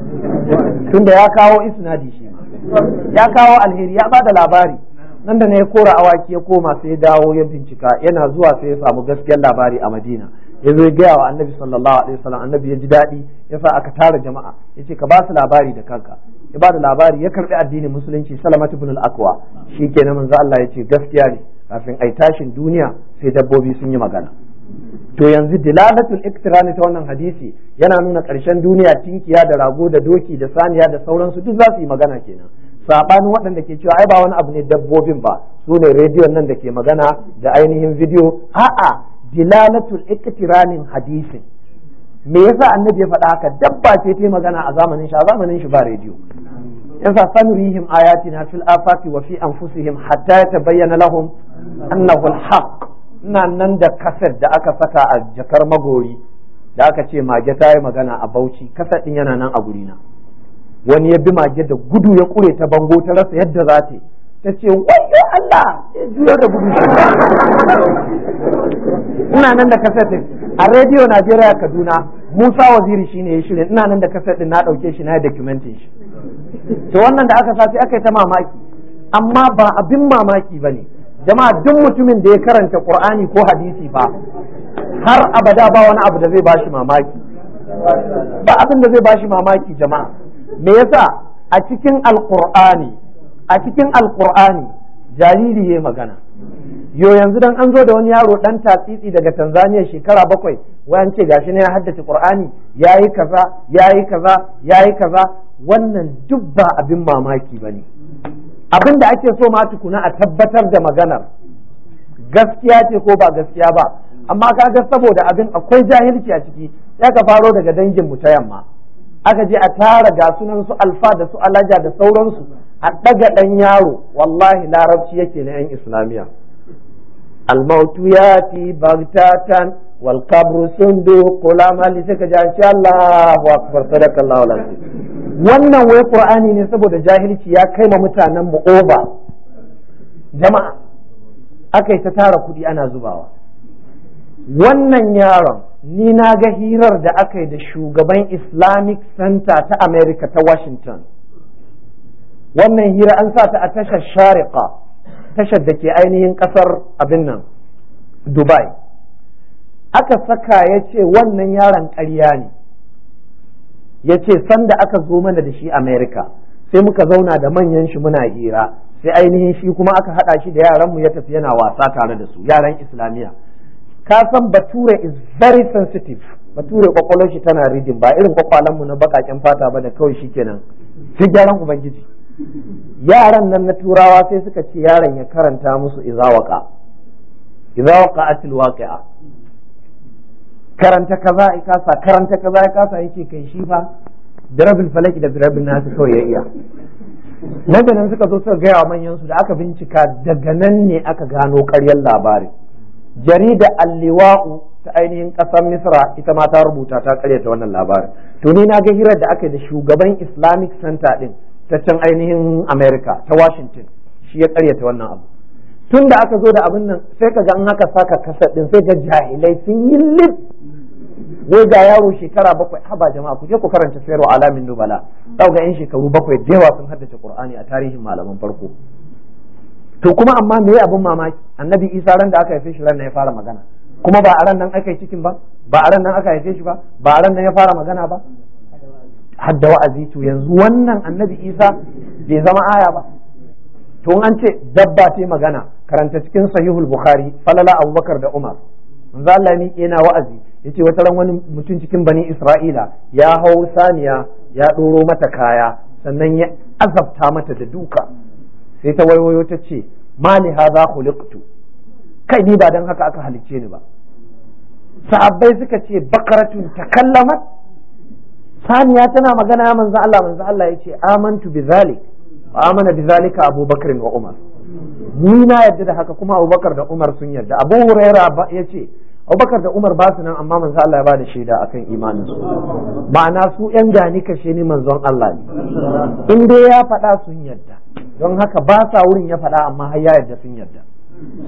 tunda ya kawo isnadi shi ya kawo alheri ya bada labari nan da na ya kora awaki ya koma sai ya dawo ya bincika yana zuwa sai ya samu gaskiyar labari a madina ya zo ya gaya wa annabi sallallahu alaihi wasallam annabi ya ji daɗi ya sa aka tara jama'a ya ce ka ba su labari da kanka ya ba da labari ya karbi addinin musulunci salamat ibn al shi shikenan manzo Allah ya ce gaskiya ne kafin ai tashin duniya sai dabbobi sun yi magana to yanzu dilalatul iktirani ta wannan hadisi yana nuna ƙarshen duniya tinkiya da rago da doki da saniya da sauransu duk za su yi magana kenan sabanin waɗanda ke cewa ai ba wani abu ne dabbobin ba su ne rediyon nan da ke magana da ainihin bidiyo a'a dilalatul iktiranin hadisin me yasa annabi ya faɗa haka dabba ce ta magana a zamanin shi a zamanin shi ba rediyo yasa sanurihim ayatina fil afati wa fi anfusihim hatta tabayyana lahum annahu alhaq ina nan da kasar da aka saka a jakar magori da aka ce mage ta yi magana a bauchi kasar din yana nan a gurina wani ya bi mage da gudu ya kure ta bango ta rasa yadda za ta ta ce wayo Allah ya juyo da gudu ina nan da kasetin a rediyo najeriya kaduna musa waziri shine ya shirin ina nan da kasetin na ɗauke shi na ya documentin shi to wannan da aka sa aka yi ta mamaki amma ba abin mamaki ba ne jama'a duk mutumin da ya karanta qur'ani ko hadisi ba har abada ba wani abu da zai bashi mamaki ba abin da zai bashi mamaki jama'a me yasa a cikin alqur'ani a cikin alqur'ani jariri yayi magana yo yanzu dan an zo da wani yaro dan tatsitsi daga Tanzania shekara bakwai wayan ce gashi ne ya haddace Qur'ani yayi kaza yayi kaza yayi kaza wannan duk ba abin mamaki bane abin da ake so ma tukuna a tabbatar da maganar gaskiya ce ko ba gaskiya ba amma kaga saboda abin akwai jahilci a ciki ya ka faro daga dangin mu ta yamma aka je a tara ga sunan su alfa da su alaja da sauransu a daga dan yaro wallahi larabci yake na yan islamiyya. almautu ya ti bagtatan wal qabru sunduq lam hal sai ka ji insha akbar wannan wai qur'ani ne saboda jahilci ya kai ma mutanen mu over jama'a akai ta tara kudi ana zubawa wannan yaron ni na ga hirar da aka yi da shugaban islamic center ta america ta washington wannan hira an sa ta a tashar shariƙa tashar da ke ainihin kasar abin nan dubai aka saka ya ce wannan yaron ƙarya ne ya ce sanda aka zo mana da shi Amerika, sai muka zauna da manyan shi muna hira sai ainihin shi kuma aka haɗa shi da yaranmu ya tafi yana wasa tare da su yaran islamiyya ka san bature is very sensitive bature kwakwalon shi tana reading ba irin mu na bakaken fata ba da kawai shi kenan sai gyaran ubangiji yaran nan na turawa sai suka ce yaran ya karanta musu izawaka izawaka atil waqi'a karanta kaza ya kasa karanta kaza ya kasa yake kai shi fa darabil falaki da darabil nasu kawai ya iya nan da nan suka zo suka gaya wa manyan su da aka bincika daga nan ne aka gano karyar labari. jarida alliwa'u ta ainihin kasar misra ita ma ta rubuta ta karyata wannan labarin to ni na ga hirar da aka yi da shugaban islamic center din ta can ainihin America ta Washington shi ya karyata wannan abu tun da aka zo da abin nan sai ka ga an haka saka kasa din sai ga jahilai sun yi lip wai ga yaro shekara bakwai haba jama'a ku je ku karanta sayarwa alamin nubala Bala ga yan shekaru bakwai da yawa sun haddace qur'ani a tarihin malaman farko to kuma amma me abin mamaki annabi isa ran da aka haife shi ran ya fara magana kuma ba a ran nan aka yi cikin ba ba a ran nan aka haife shi ba ba a ran nan ya fara magana ba Hadda da wa'azi to yanzu wannan annabi isa bai zama aya ba to an ce dabba ce magana karanta cikin sahihul bukhari falala abubakar da umar manzo Allah ina yana wa'azi yace wata ran wani mutum cikin bani isra'ila ya hau saniya ya ɗoro mata kaya sannan ya azabta mata da duka sai ta wayoyo ta ce mali hadha khuliqtu kai ni ba dan haka aka halicce ni ba sahabbai suka ce bakaratun takallamat saniya tana magana ya manzo Allah manzo Allah yace amantu bi zalik amana bi zalika abubakar wa umar ni na yadda da haka kuma abubakar da umar sun yadda abu huraira yace abubakar da umar ba su nan amma manzo Allah ya ba da shaida akan imanin su ma'ana su yan gani kashe ni manzon Allah ne in dai ya faɗa sun yadda don haka ba sa wurin ya faɗa amma har ya yadda sun yadda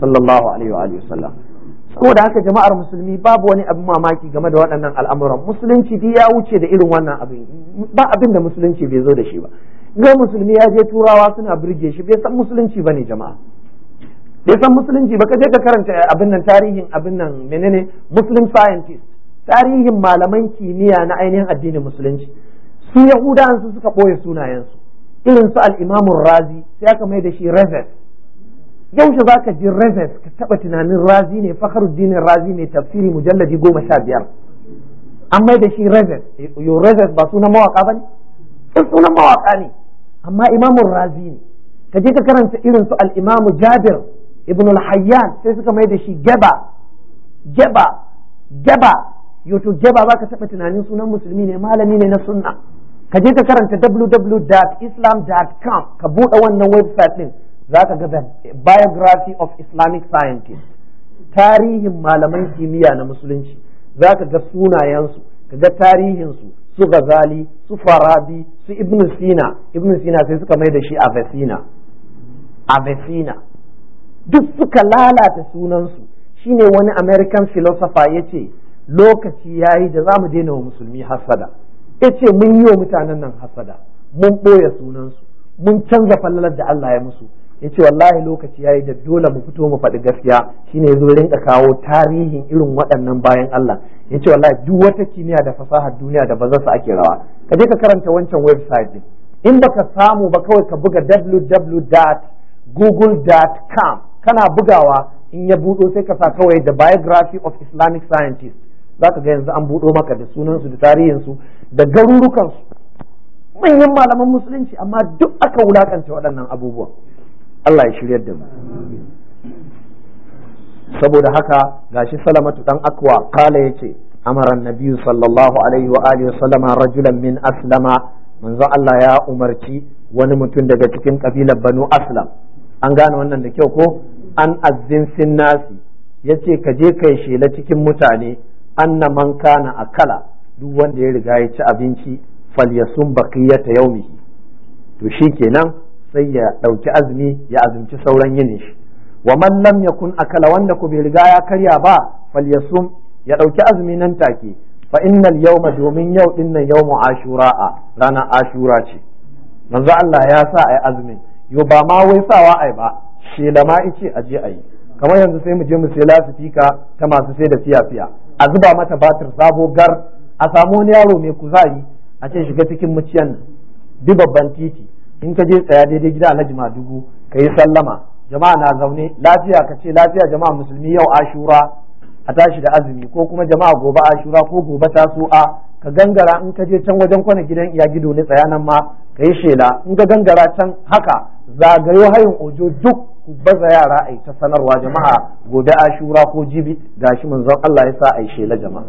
sallallahu alaihi wa alihi wasallam da haka jama'ar musulmi babu wani abin mamaki game da waɗannan al'amuran musulunci duk ya wuce da irin wannan abin ba abin da musulunci bai zo da shi ba ga musulmi ya je turawa suna birge shi bai san musulunci bane jama'a bai san musulunci ba je ka karanta abin nan tarihin abin nan menene muslim scientist tarihin malaman kimiyya na ainihin addinin musulunci su yahudawan su suka boye sunayen su irin su al razi sai aka mai da shi reverend yaushe za ka ji rezes ka taɓa tunanin razi ne fakhruddin razi mai tafsiri mujalladi goma sha biyar amma da shi rezes yo rezes ba sunan mawaka ba ne sunan mawaka ne amma imamun razi ne ka je ka karanta irin su al-imamu jabir ibn al-hayyan sai suka mai da shi geba geba geba yoto geba ba ka taɓa tunanin sunan musulmi ne malami ne na sunna ka je ka karanta www.islam.com ka buɗe wannan website ɗin za ka ga biography of islamic scientist tarihin malaman kimiyya na musulunci za ka ga sunayensu ka ga tarihinsu su Ghazali su Farabi su Ibn Sina Ibn Sina sai suka mai da shi Avicenna avesina duk suka lalata sunansu shine wani American philosopher ya ce lokaci ya yi da za mu daina wa musulmi hasada ya ce mun yi wa mutanen nan hasada mun ɓoye sunansu mun canza fallalar da Allah ya musu ya ce wallahi lokaci ya yi da dole mu fito mu faɗi gaskiya shine zo rinka kawo tarihin irin waɗannan bayan Allah ya ce wallahi duk wata kimiyya da fasahar duniya da bazan su ake rawa ka je ka karanta wancan website din in baka samu ba kawai ka buga www.google.com kana bugawa in ya buɗo sai ka sa kawai the biography of islamic scientists za ka ga yanzu an buɗo maka da sunansu da tarihinsu da garurukansu manyan malaman musulunci amma duk aka wulakanta waɗannan abubuwan Allah ya shiryar da mu saboda haka gashi salamatu dan akwa kala yace amara nabiyyu sallallahu alaihi wa alihi sallama rajulan min aslama manzo Allah ya umarci wani mutum daga cikin kabilar banu aslam an gane wannan da kyau ko an azzin sin nasi yace ka je kai shela cikin mutane anna man kana akala duk wanda ya riga ya ci abinci falyasum baqiyata yaumihi to shikenan sai ya ɗauki azumi ya azumci sauran yinin shi wa man lam yakun akala wanda ku bai riga ya karya ba Fal falyasum ya ɗauki azumi nan take fa innal yawma domin yau din nan yawmu ashura'a ranar ashura ce manzo Allah ya sa ai azumin yo ba ma wai sawa ai ba ma ice a je ayi kamar yanzu sai mu je mu sai lasifika ta masu sai da fiya a zuba mata batir sabo gar a samu wani yaro mai kuzari a ce shiga cikin muciyan bi babban titi in ka je tsaya daidai gida alhaji madugu ka yi sallama jama'a na zaune lafiya ka ce lafiya jama'a musulmi yau ashura a tashi da azumi ko kuma jama'a gobe ashura ko gobe ta tasu'a ka gangara in ka je can wajen kwana gidan iya gido ne tsaya nan ma ka yi shela in ka gangara can haka zagayo hayin ojo duk ku baza yara a ta sanarwa jama'a gobe ashura ko jibi gashi manzon Allah ya sa a yi shela jama'a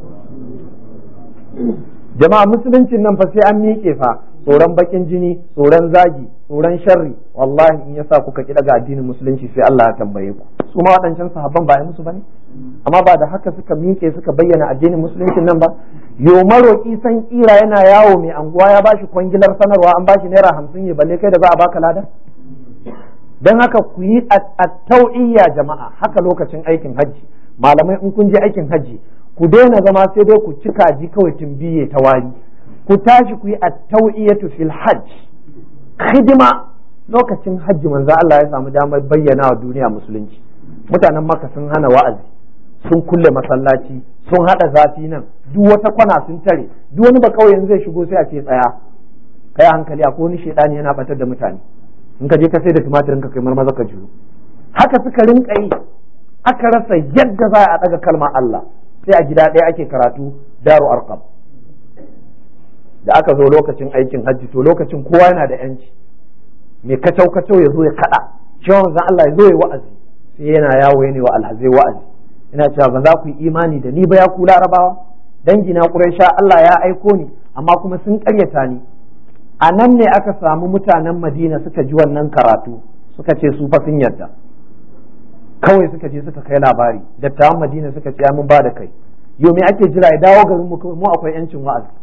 jama'a musuluncin nan fa sai an miƙe fa tsoron bakin jini tsoron zagi tsoron sharri wallahi in yasa kuka kida ga addinin musulunci sai Allah ya tambaye ku su ma wadancan sahabban ba ai musu bane amma ba da haka suka minke suka bayyana addinin musulunci nan ba yo maroki kira yana yawo mai anguwa ya bashi kwangilar sanarwa an bashi naira hamsin ya balle kai da za a baka lada don haka ku yi attau'iyya jama'a haka lokacin aikin hajji malamai in kun je aikin hajji ku daina zama sai dai ku cika ji kawai tumbiye ta wari ku tashi ku yi at-tawiyatu fil hajj khidma lokacin hajji manzo Allah ya samu damar bayyana wa duniya musulunci mutanen maka sun hana wa'azi sun kulle masallaci sun hada zafi nan duk wata kwana sun tare duk wani ba kauyen zai shigo sai a ce tsaya kai hankali akwai wani shedani yana batar da mutane in ka je ka sai da tumatirin ka kai marmaza ka juro haka suka rinka yi aka rasa yadda za a daga kalmar Allah sai a gida ɗaya ake karatu daru arqam da aka zo lokacin aikin hajji to lokacin kowa yana da yanci mai kacau kacau ya zo ya kada cewa zan Allah ya zo ya wa'azi sai yana yawo ne wa alhazai wa'azi ina cewa ba za ku yi imani da ni ba ya ku larabawa dangi na sha Allah ya aiko ni amma kuma sun karyata ni a nan ne aka samu mutanen Madina suka ji wannan karatu suka ce su fa sun yarda kawai suka je suka kai labari dattawan Madina suka ce mun ba da kai yau me ake jira ya dawo garin mu akwai yancin wa'azi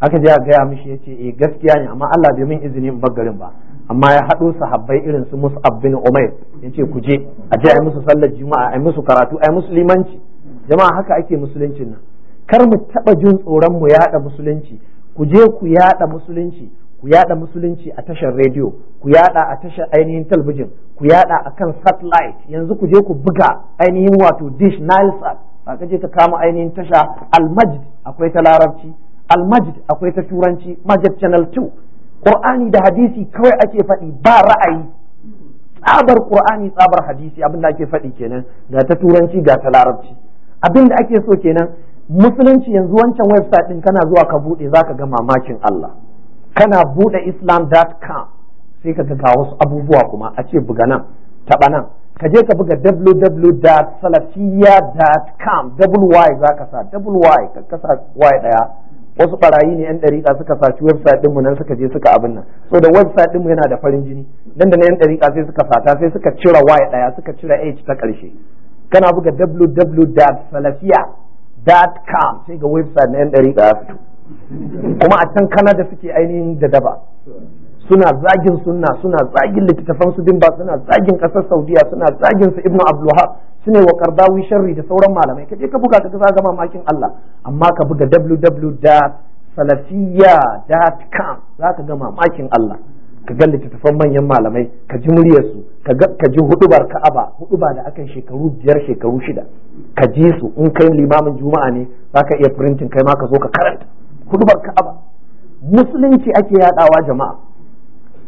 aka je a gaya mishi ya ce eh gaskiya ne amma Allah bai min izini in bar garin ba amma ya haɗo sahabbai irin su Mus'ab bin Umair ya ce ku je a je a musu sallar juma'a a yi musu karatu a musu limanci jama'a haka ake musuluncin nan kar mu taɓa jin tsoron mu yaɗa musulunci ku je ku yaɗa musulunci ku yaɗa musulunci a tashar rediyo ku yaɗa a tashar ainihin talabijin ku yaɗa a kan satellite yanzu ku je ku buga ainihin wato dish nilesat ba ka je ka kama ainihin tasha almajid akwai ta larabci almajid akwai ta turanci majid channel 2 qur'ani da hadisi kawai ake faɗi ba ra'ayi tsabar qur'ani tsabar hadisi abin da ake faɗi kenan ga ta turanci ga ta larabci abin da ake so kenan musulunci yanzu wancan website din kana zuwa ka buɗe zaka ga mamakin Allah kana buɗe islam.com sai ka ga wasu abubuwa kuma a ce buga nan taɓa nan ka je ka buga www.salafiya.com double y za ka sa double y ka kasa y daya wasu barayi ne yan dariƙa suka saci website ɗinmu nan suka je suka abin nan so da website ɗinmu yana da farin jini dan da na yan dariƙa sai suka sata sai suka cira y ɗaya suka cira h ta ƙarshe kana buga www.salafiya.com sai ga website na yan dariƙa ya fito kuma a can kanada suke ainihin da daba suna zagin sunna suna zagin littattafan su ba, suna zagin kasar saudiya suna zagin su ibnu abdulhab su ne wa karbawi sharri da sauran malamai kaje ka buga ka ga ga mamakin Allah amma ka buga www.salafiyya.com za ka gama makin Allah ka ga littattafan manyan malamai ka ji muryarsu ka ji hudubar ka'aba huduba da akan shekaru biyar shekaru shida ka ji su in kai limamin juma'a ne za ka iya printing kai ma ka zo ka karanta hudubar ka'aba musulunci ake yadawa jama'a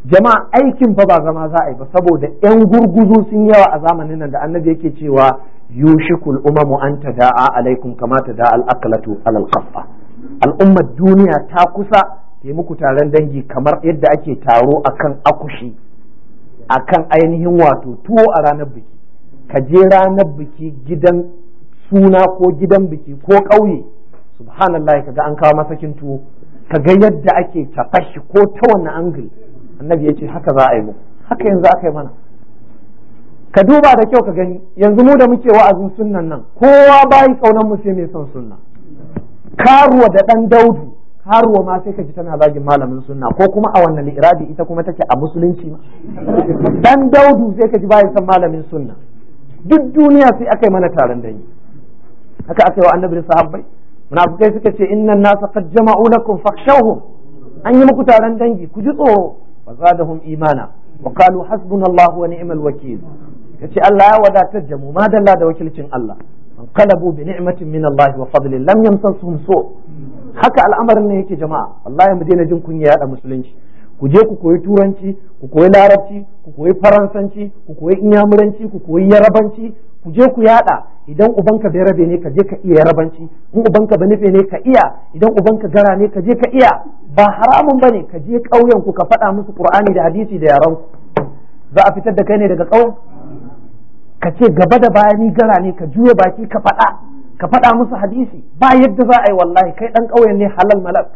jama'a aikin fa ba zama za a yi ba saboda yan gurguzu sun yawa a zamanin nan da annabi yake cewa yushikul umamu an ta da'a alaikum kama ta al al'akalatu alal al'ummar duniya ta kusa yi muku taron dangi kamar yadda ake taro akan akushi akan ainihin wato tuwo a ranar biki ka je ranar biki gidan suna ko gidan biki ko ƙauye subhanallah kaga an kawo masakin tuwo ga yadda ake tafashi ko ta wani angle annabi ya ce haka za a yi mu haka yanzu aka yi mana ka duba da kyau ka gani yanzu mu da muke wa'azin sunnan nan kowa bayi kaunan mu sai mai son sunna karuwa da ɗan daudu karuwa ma sai ka ji tana zagin malamin sunna ko kuma a wannan iradi ita kuma take a musulunci ma dan daudu sai ka ji bayi son malamin sunna duk duniya sai aka yi mana taron dangi haka aka yi wa annabi da sahabbai munafikai suka ce innan nasa qad jama'u lakum fakhshawhum an yi muku taron dangi ku ji tsoro fazadahum imana wa qalu hasbunallahu wa ni'mal wakeel yace Allah ya wadatar da mu madalla da wakilcin Allah an qalabu bi ni'matin min Allah wa fadlin lam yamsasuhum so haka al'amarin ne yake jama'a wallahi mu daina jin kunya yada musulunci ku je ku koyi turanci ku koyi larabci ku koyi faransanci ku koyi inyamuranci ku koyi yarabanci ku je ku yada idan ubanka bai rabe ne ka je ka iya rabanci. in ubanka ba nufe ne ka iya idan ubanka gara ne ka je ka iya ba haramun bane ka je ƙauyen ku ka faɗa musu qur'ani da hadisi da yaran ku. za a fitar da kai ne daga ƙauyen ka ce gaba da baya ni gara ne ka juya baki ka faɗa ka faɗa musu hadisi ba yadda za a yi wallahi kai dan ƙauyen ne halal malak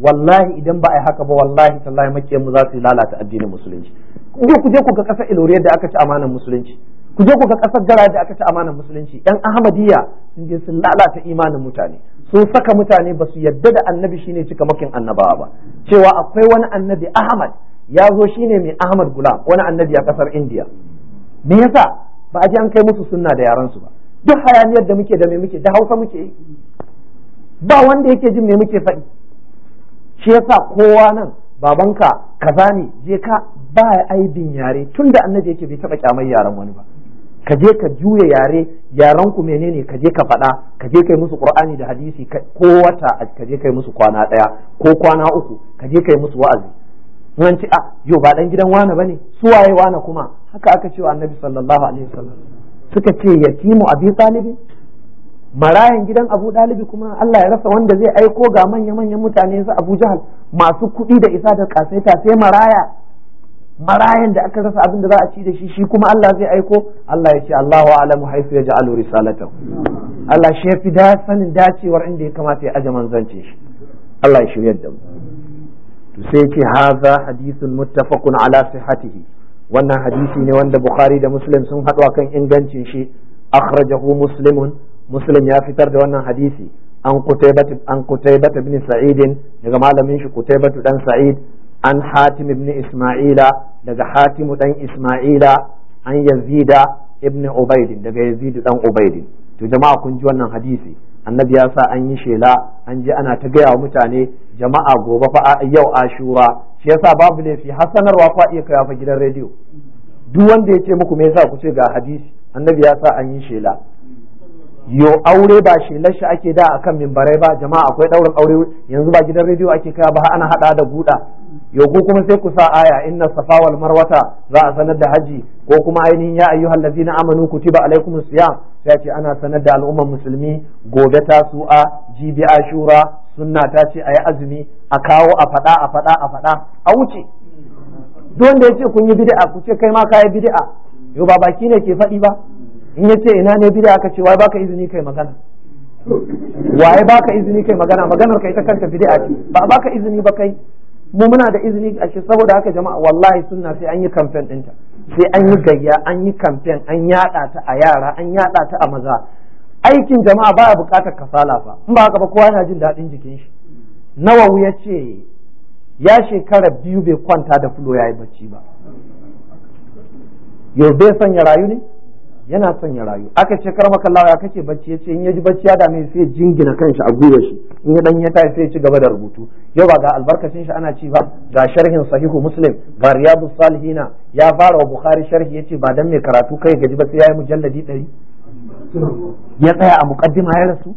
wallahi idan ba a yi haka ba wallahi tallahi makiyan mu za su lalata addinin musulunci ku je ku ga ƙasar iloriyar da aka ci amanar musulunci ku je ku ga kasar da aka ci amanar musulunci yan ahmadiyya sun je sun lalata imanin mutane sun saka mutane ba su yadda da annabi shine cikamakin annabawa ba cewa akwai wani annabi ahmad ya zo shine mai ahmad gulam wani annabi a kasar indiya me yasa ba a ji an kai musu sunna da yaran su ba duk hayaniyar da muke da me muke da hausa muke ba wanda yake jin me muke faɗi shi yasa kowa nan babanka kaza ne je ka ba aibin yare tunda annabi yake bai taba kyamar yaran wani ba ka je ka juya yare yaran ku menene ka je ka faɗa ka je kai musu qur'ani da hadisi ko wata ka je kai musu kwana ɗaya ko kwana uku ka je kai musu wa'azi Wannan ci a ah, yo ba dan gidan wane bane su waye wane kuma haka aka cewa annabi sallallahu alaihi wasallam suka ce yatimu abi talibi marayan gidan abu dalibi kuma Allah ya rasa wanda zai aiko ga manya-manyan mutane su abu jahal masu kuɗi da isa da kasaita sai maraya marayan da aka rasa abin da za a ci da shi shi kuma Allah zai aiko Allah ya ce Allahu a'lamu haythu yaj'alu risalatahu Allah shi yafi da sanin dacewar inda ya kamata ya aje manzance shi Allah ya shirya da mu to sai yace hadha hadithun muttafaqun ala sihhatihi wannan hadisi ne wanda Bukhari da Muslim sun haɗu akan ingancin shi akhrajahu muslimun muslim ya fitar da wannan hadisi an kutaibat an sa'idin ibn sa'id daga malamin shi kutaibat dan sa'id an hatim ibn isma'ila daga hatimu dan isma'ila an yazida ibn ubaidin daga yazidu dan ubaidin to jama'a kun ji wannan hadisi annabi ya sa an yi shela an je ana ta gaya wa mutane jama'a gobe fa yau ashura shi yasa babu laifi hasanarwa fa iya kaiwa fa gidan rediyo duk wanda ya ce muku me yasa ku ce ga hadisi annabi ya sa an yi shela yo aure ba shi shi ake da kan mimbarai ba jama'a akwai daurin aure yanzu ba gidan rediyo ake kaya ba ana hada da guda yo ku kuma sai ku sa aya inna safa wal marwata za a sanar da haji ko kuma ainihin ya ayyuhal na amanu kutiba alaikumus siyam sai ce ana sanar da al'ummar musulmi gobe ta su'a jibi ashura sunna ta ce a yi azumi a kawo a faɗa a faɗa a faɗa a wuce don da ya ce kun yi bid'a ku ce kai ma ka yi bid'a yau ba baki ne ke faɗi ba in ya ce ina ne bida aka ce wai baka izini kai magana waye baka izini kai magana maganar kai ta kanta bid'a ce ba baka izini ba kai mu muna da izini a shi saboda haka jama'a wallahi sunna sai an yi campaign ɗinta sai an yi gayya an yi campaign an yada ta a yara an yada ta a maza aikin jama'a baya bukatar kasala fa in ba haka ba kowa yana jin daɗin jikin shi nawa ya ce ya shekara biyu bai kwanta da fulo yayi bacci ba yau bai sanya rayu ne yana son ya rayu aka ce karma kallawa ya kace bacci yace in yaji bacci ya dame sai jingina kanshi a gwiwar shi in ya dan ya tafi sai ya ci gaba da rubutu yau ba ga albarkacin shi ana ci ba ga sharhin sahihu muslim ga riyadus salihina ya fara wa bukhari sharhi ya ce ba dan mai karatu kai gaji ba sai yayi mujalladi ɗari. ya tsaya a muqaddima ya rasu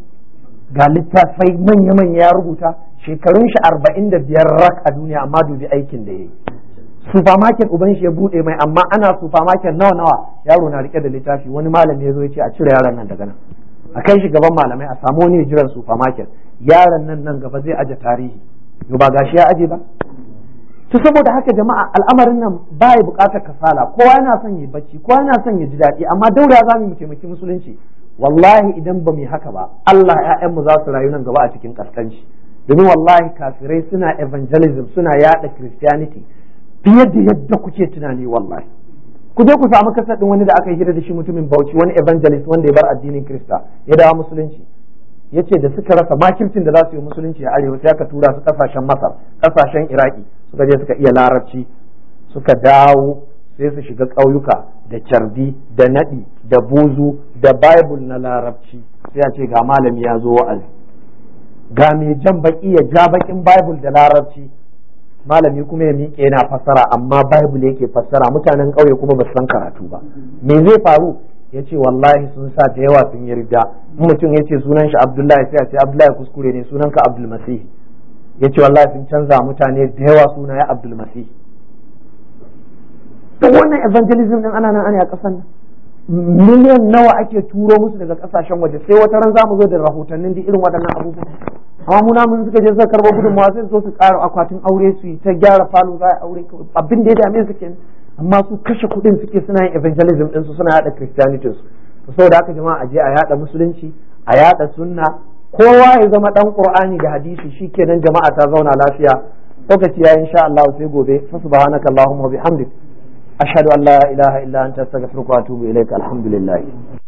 ga littafai manya-manya ya rubuta shekarun shi arba'in da biyar rak a duniya amma dubi aikin da ya yi supermarket uban shi ya bude mai amma ana supermarket nawa nawa yaro na rike da littafi wani malami ya zo ya ce a cire yaron nan daga nan a kai shi gaban malamai a samu wani jiran supermarket yaron nan nan gaba zai aje tarihi yo ba gashi ya aje ba to saboda haka jama'a al'amarin nan ba ya bukatar kasala kowa yana son ya bacci kowa yana son ya ji daɗi amma daura za mu taimaki musulunci wallahi idan ba mu yi haka ba Allah mu za su rayu nan gaba a cikin kaskanci domin wallahi kafirai suna evangelism suna yada christianity fiye da yadda kuke tunani wallahi ku je ku samu kasar ɗin wani da aka hira da shi mutumin Bauchi wani evangelist wanda ya bar addinin Kirista ya dawo musulunci yace da suka rasa makircin da za su yi musulunci a arewa sai aka tura su kasashen Masar kasashen Iraki suka je suka iya larabci suka dawo sai su shiga ƙauyuka da cardi da naɗi da buzu da bible na larabci sai a ce ga malami ya zo wa'azi ga mai jan baki ya ja baƙin bible da larabci malami kuma ya miƙe yana fassara amma bible yake fassara mutanen ƙauye kuma ba san karatu ba me zai faru ya ce wallahi sun sa da yawa sun yi rida mutum ya ce sunan shi abdullahi sai a ce abdullahi kuskure ne sunan ka abdulmasihi ya ce wallahi sun canza mutane da yawa suna ya abdulmasihi to wannan evangelism din ana nan ana a ƙasar nan miliyan nawa ake turo musu daga kasashen waje sai wata ran zamu zo da rahotannin da irin waɗannan abubuwa amma mun suka je suka karɓo gudunmawa sai su ƙara akwatin aure su yi ta gyara falo za a aure abin da ya dame su ke amma su kashe kuɗin suke suna yin evangelism su suna yaɗa christianity su saboda haka jama'a a je a yaɗa musulunci a yaɗa sunna kowa ya zama dan ƙur'ani da hadisi shi kenan jama'a ta zauna lafiya lokaci ya insha allahu sai gobe fa subhanaka allahumma wa bihamdik ashhadu an la ilaha illa anta astaghfiruka wa atubu ilaika alhamdulillah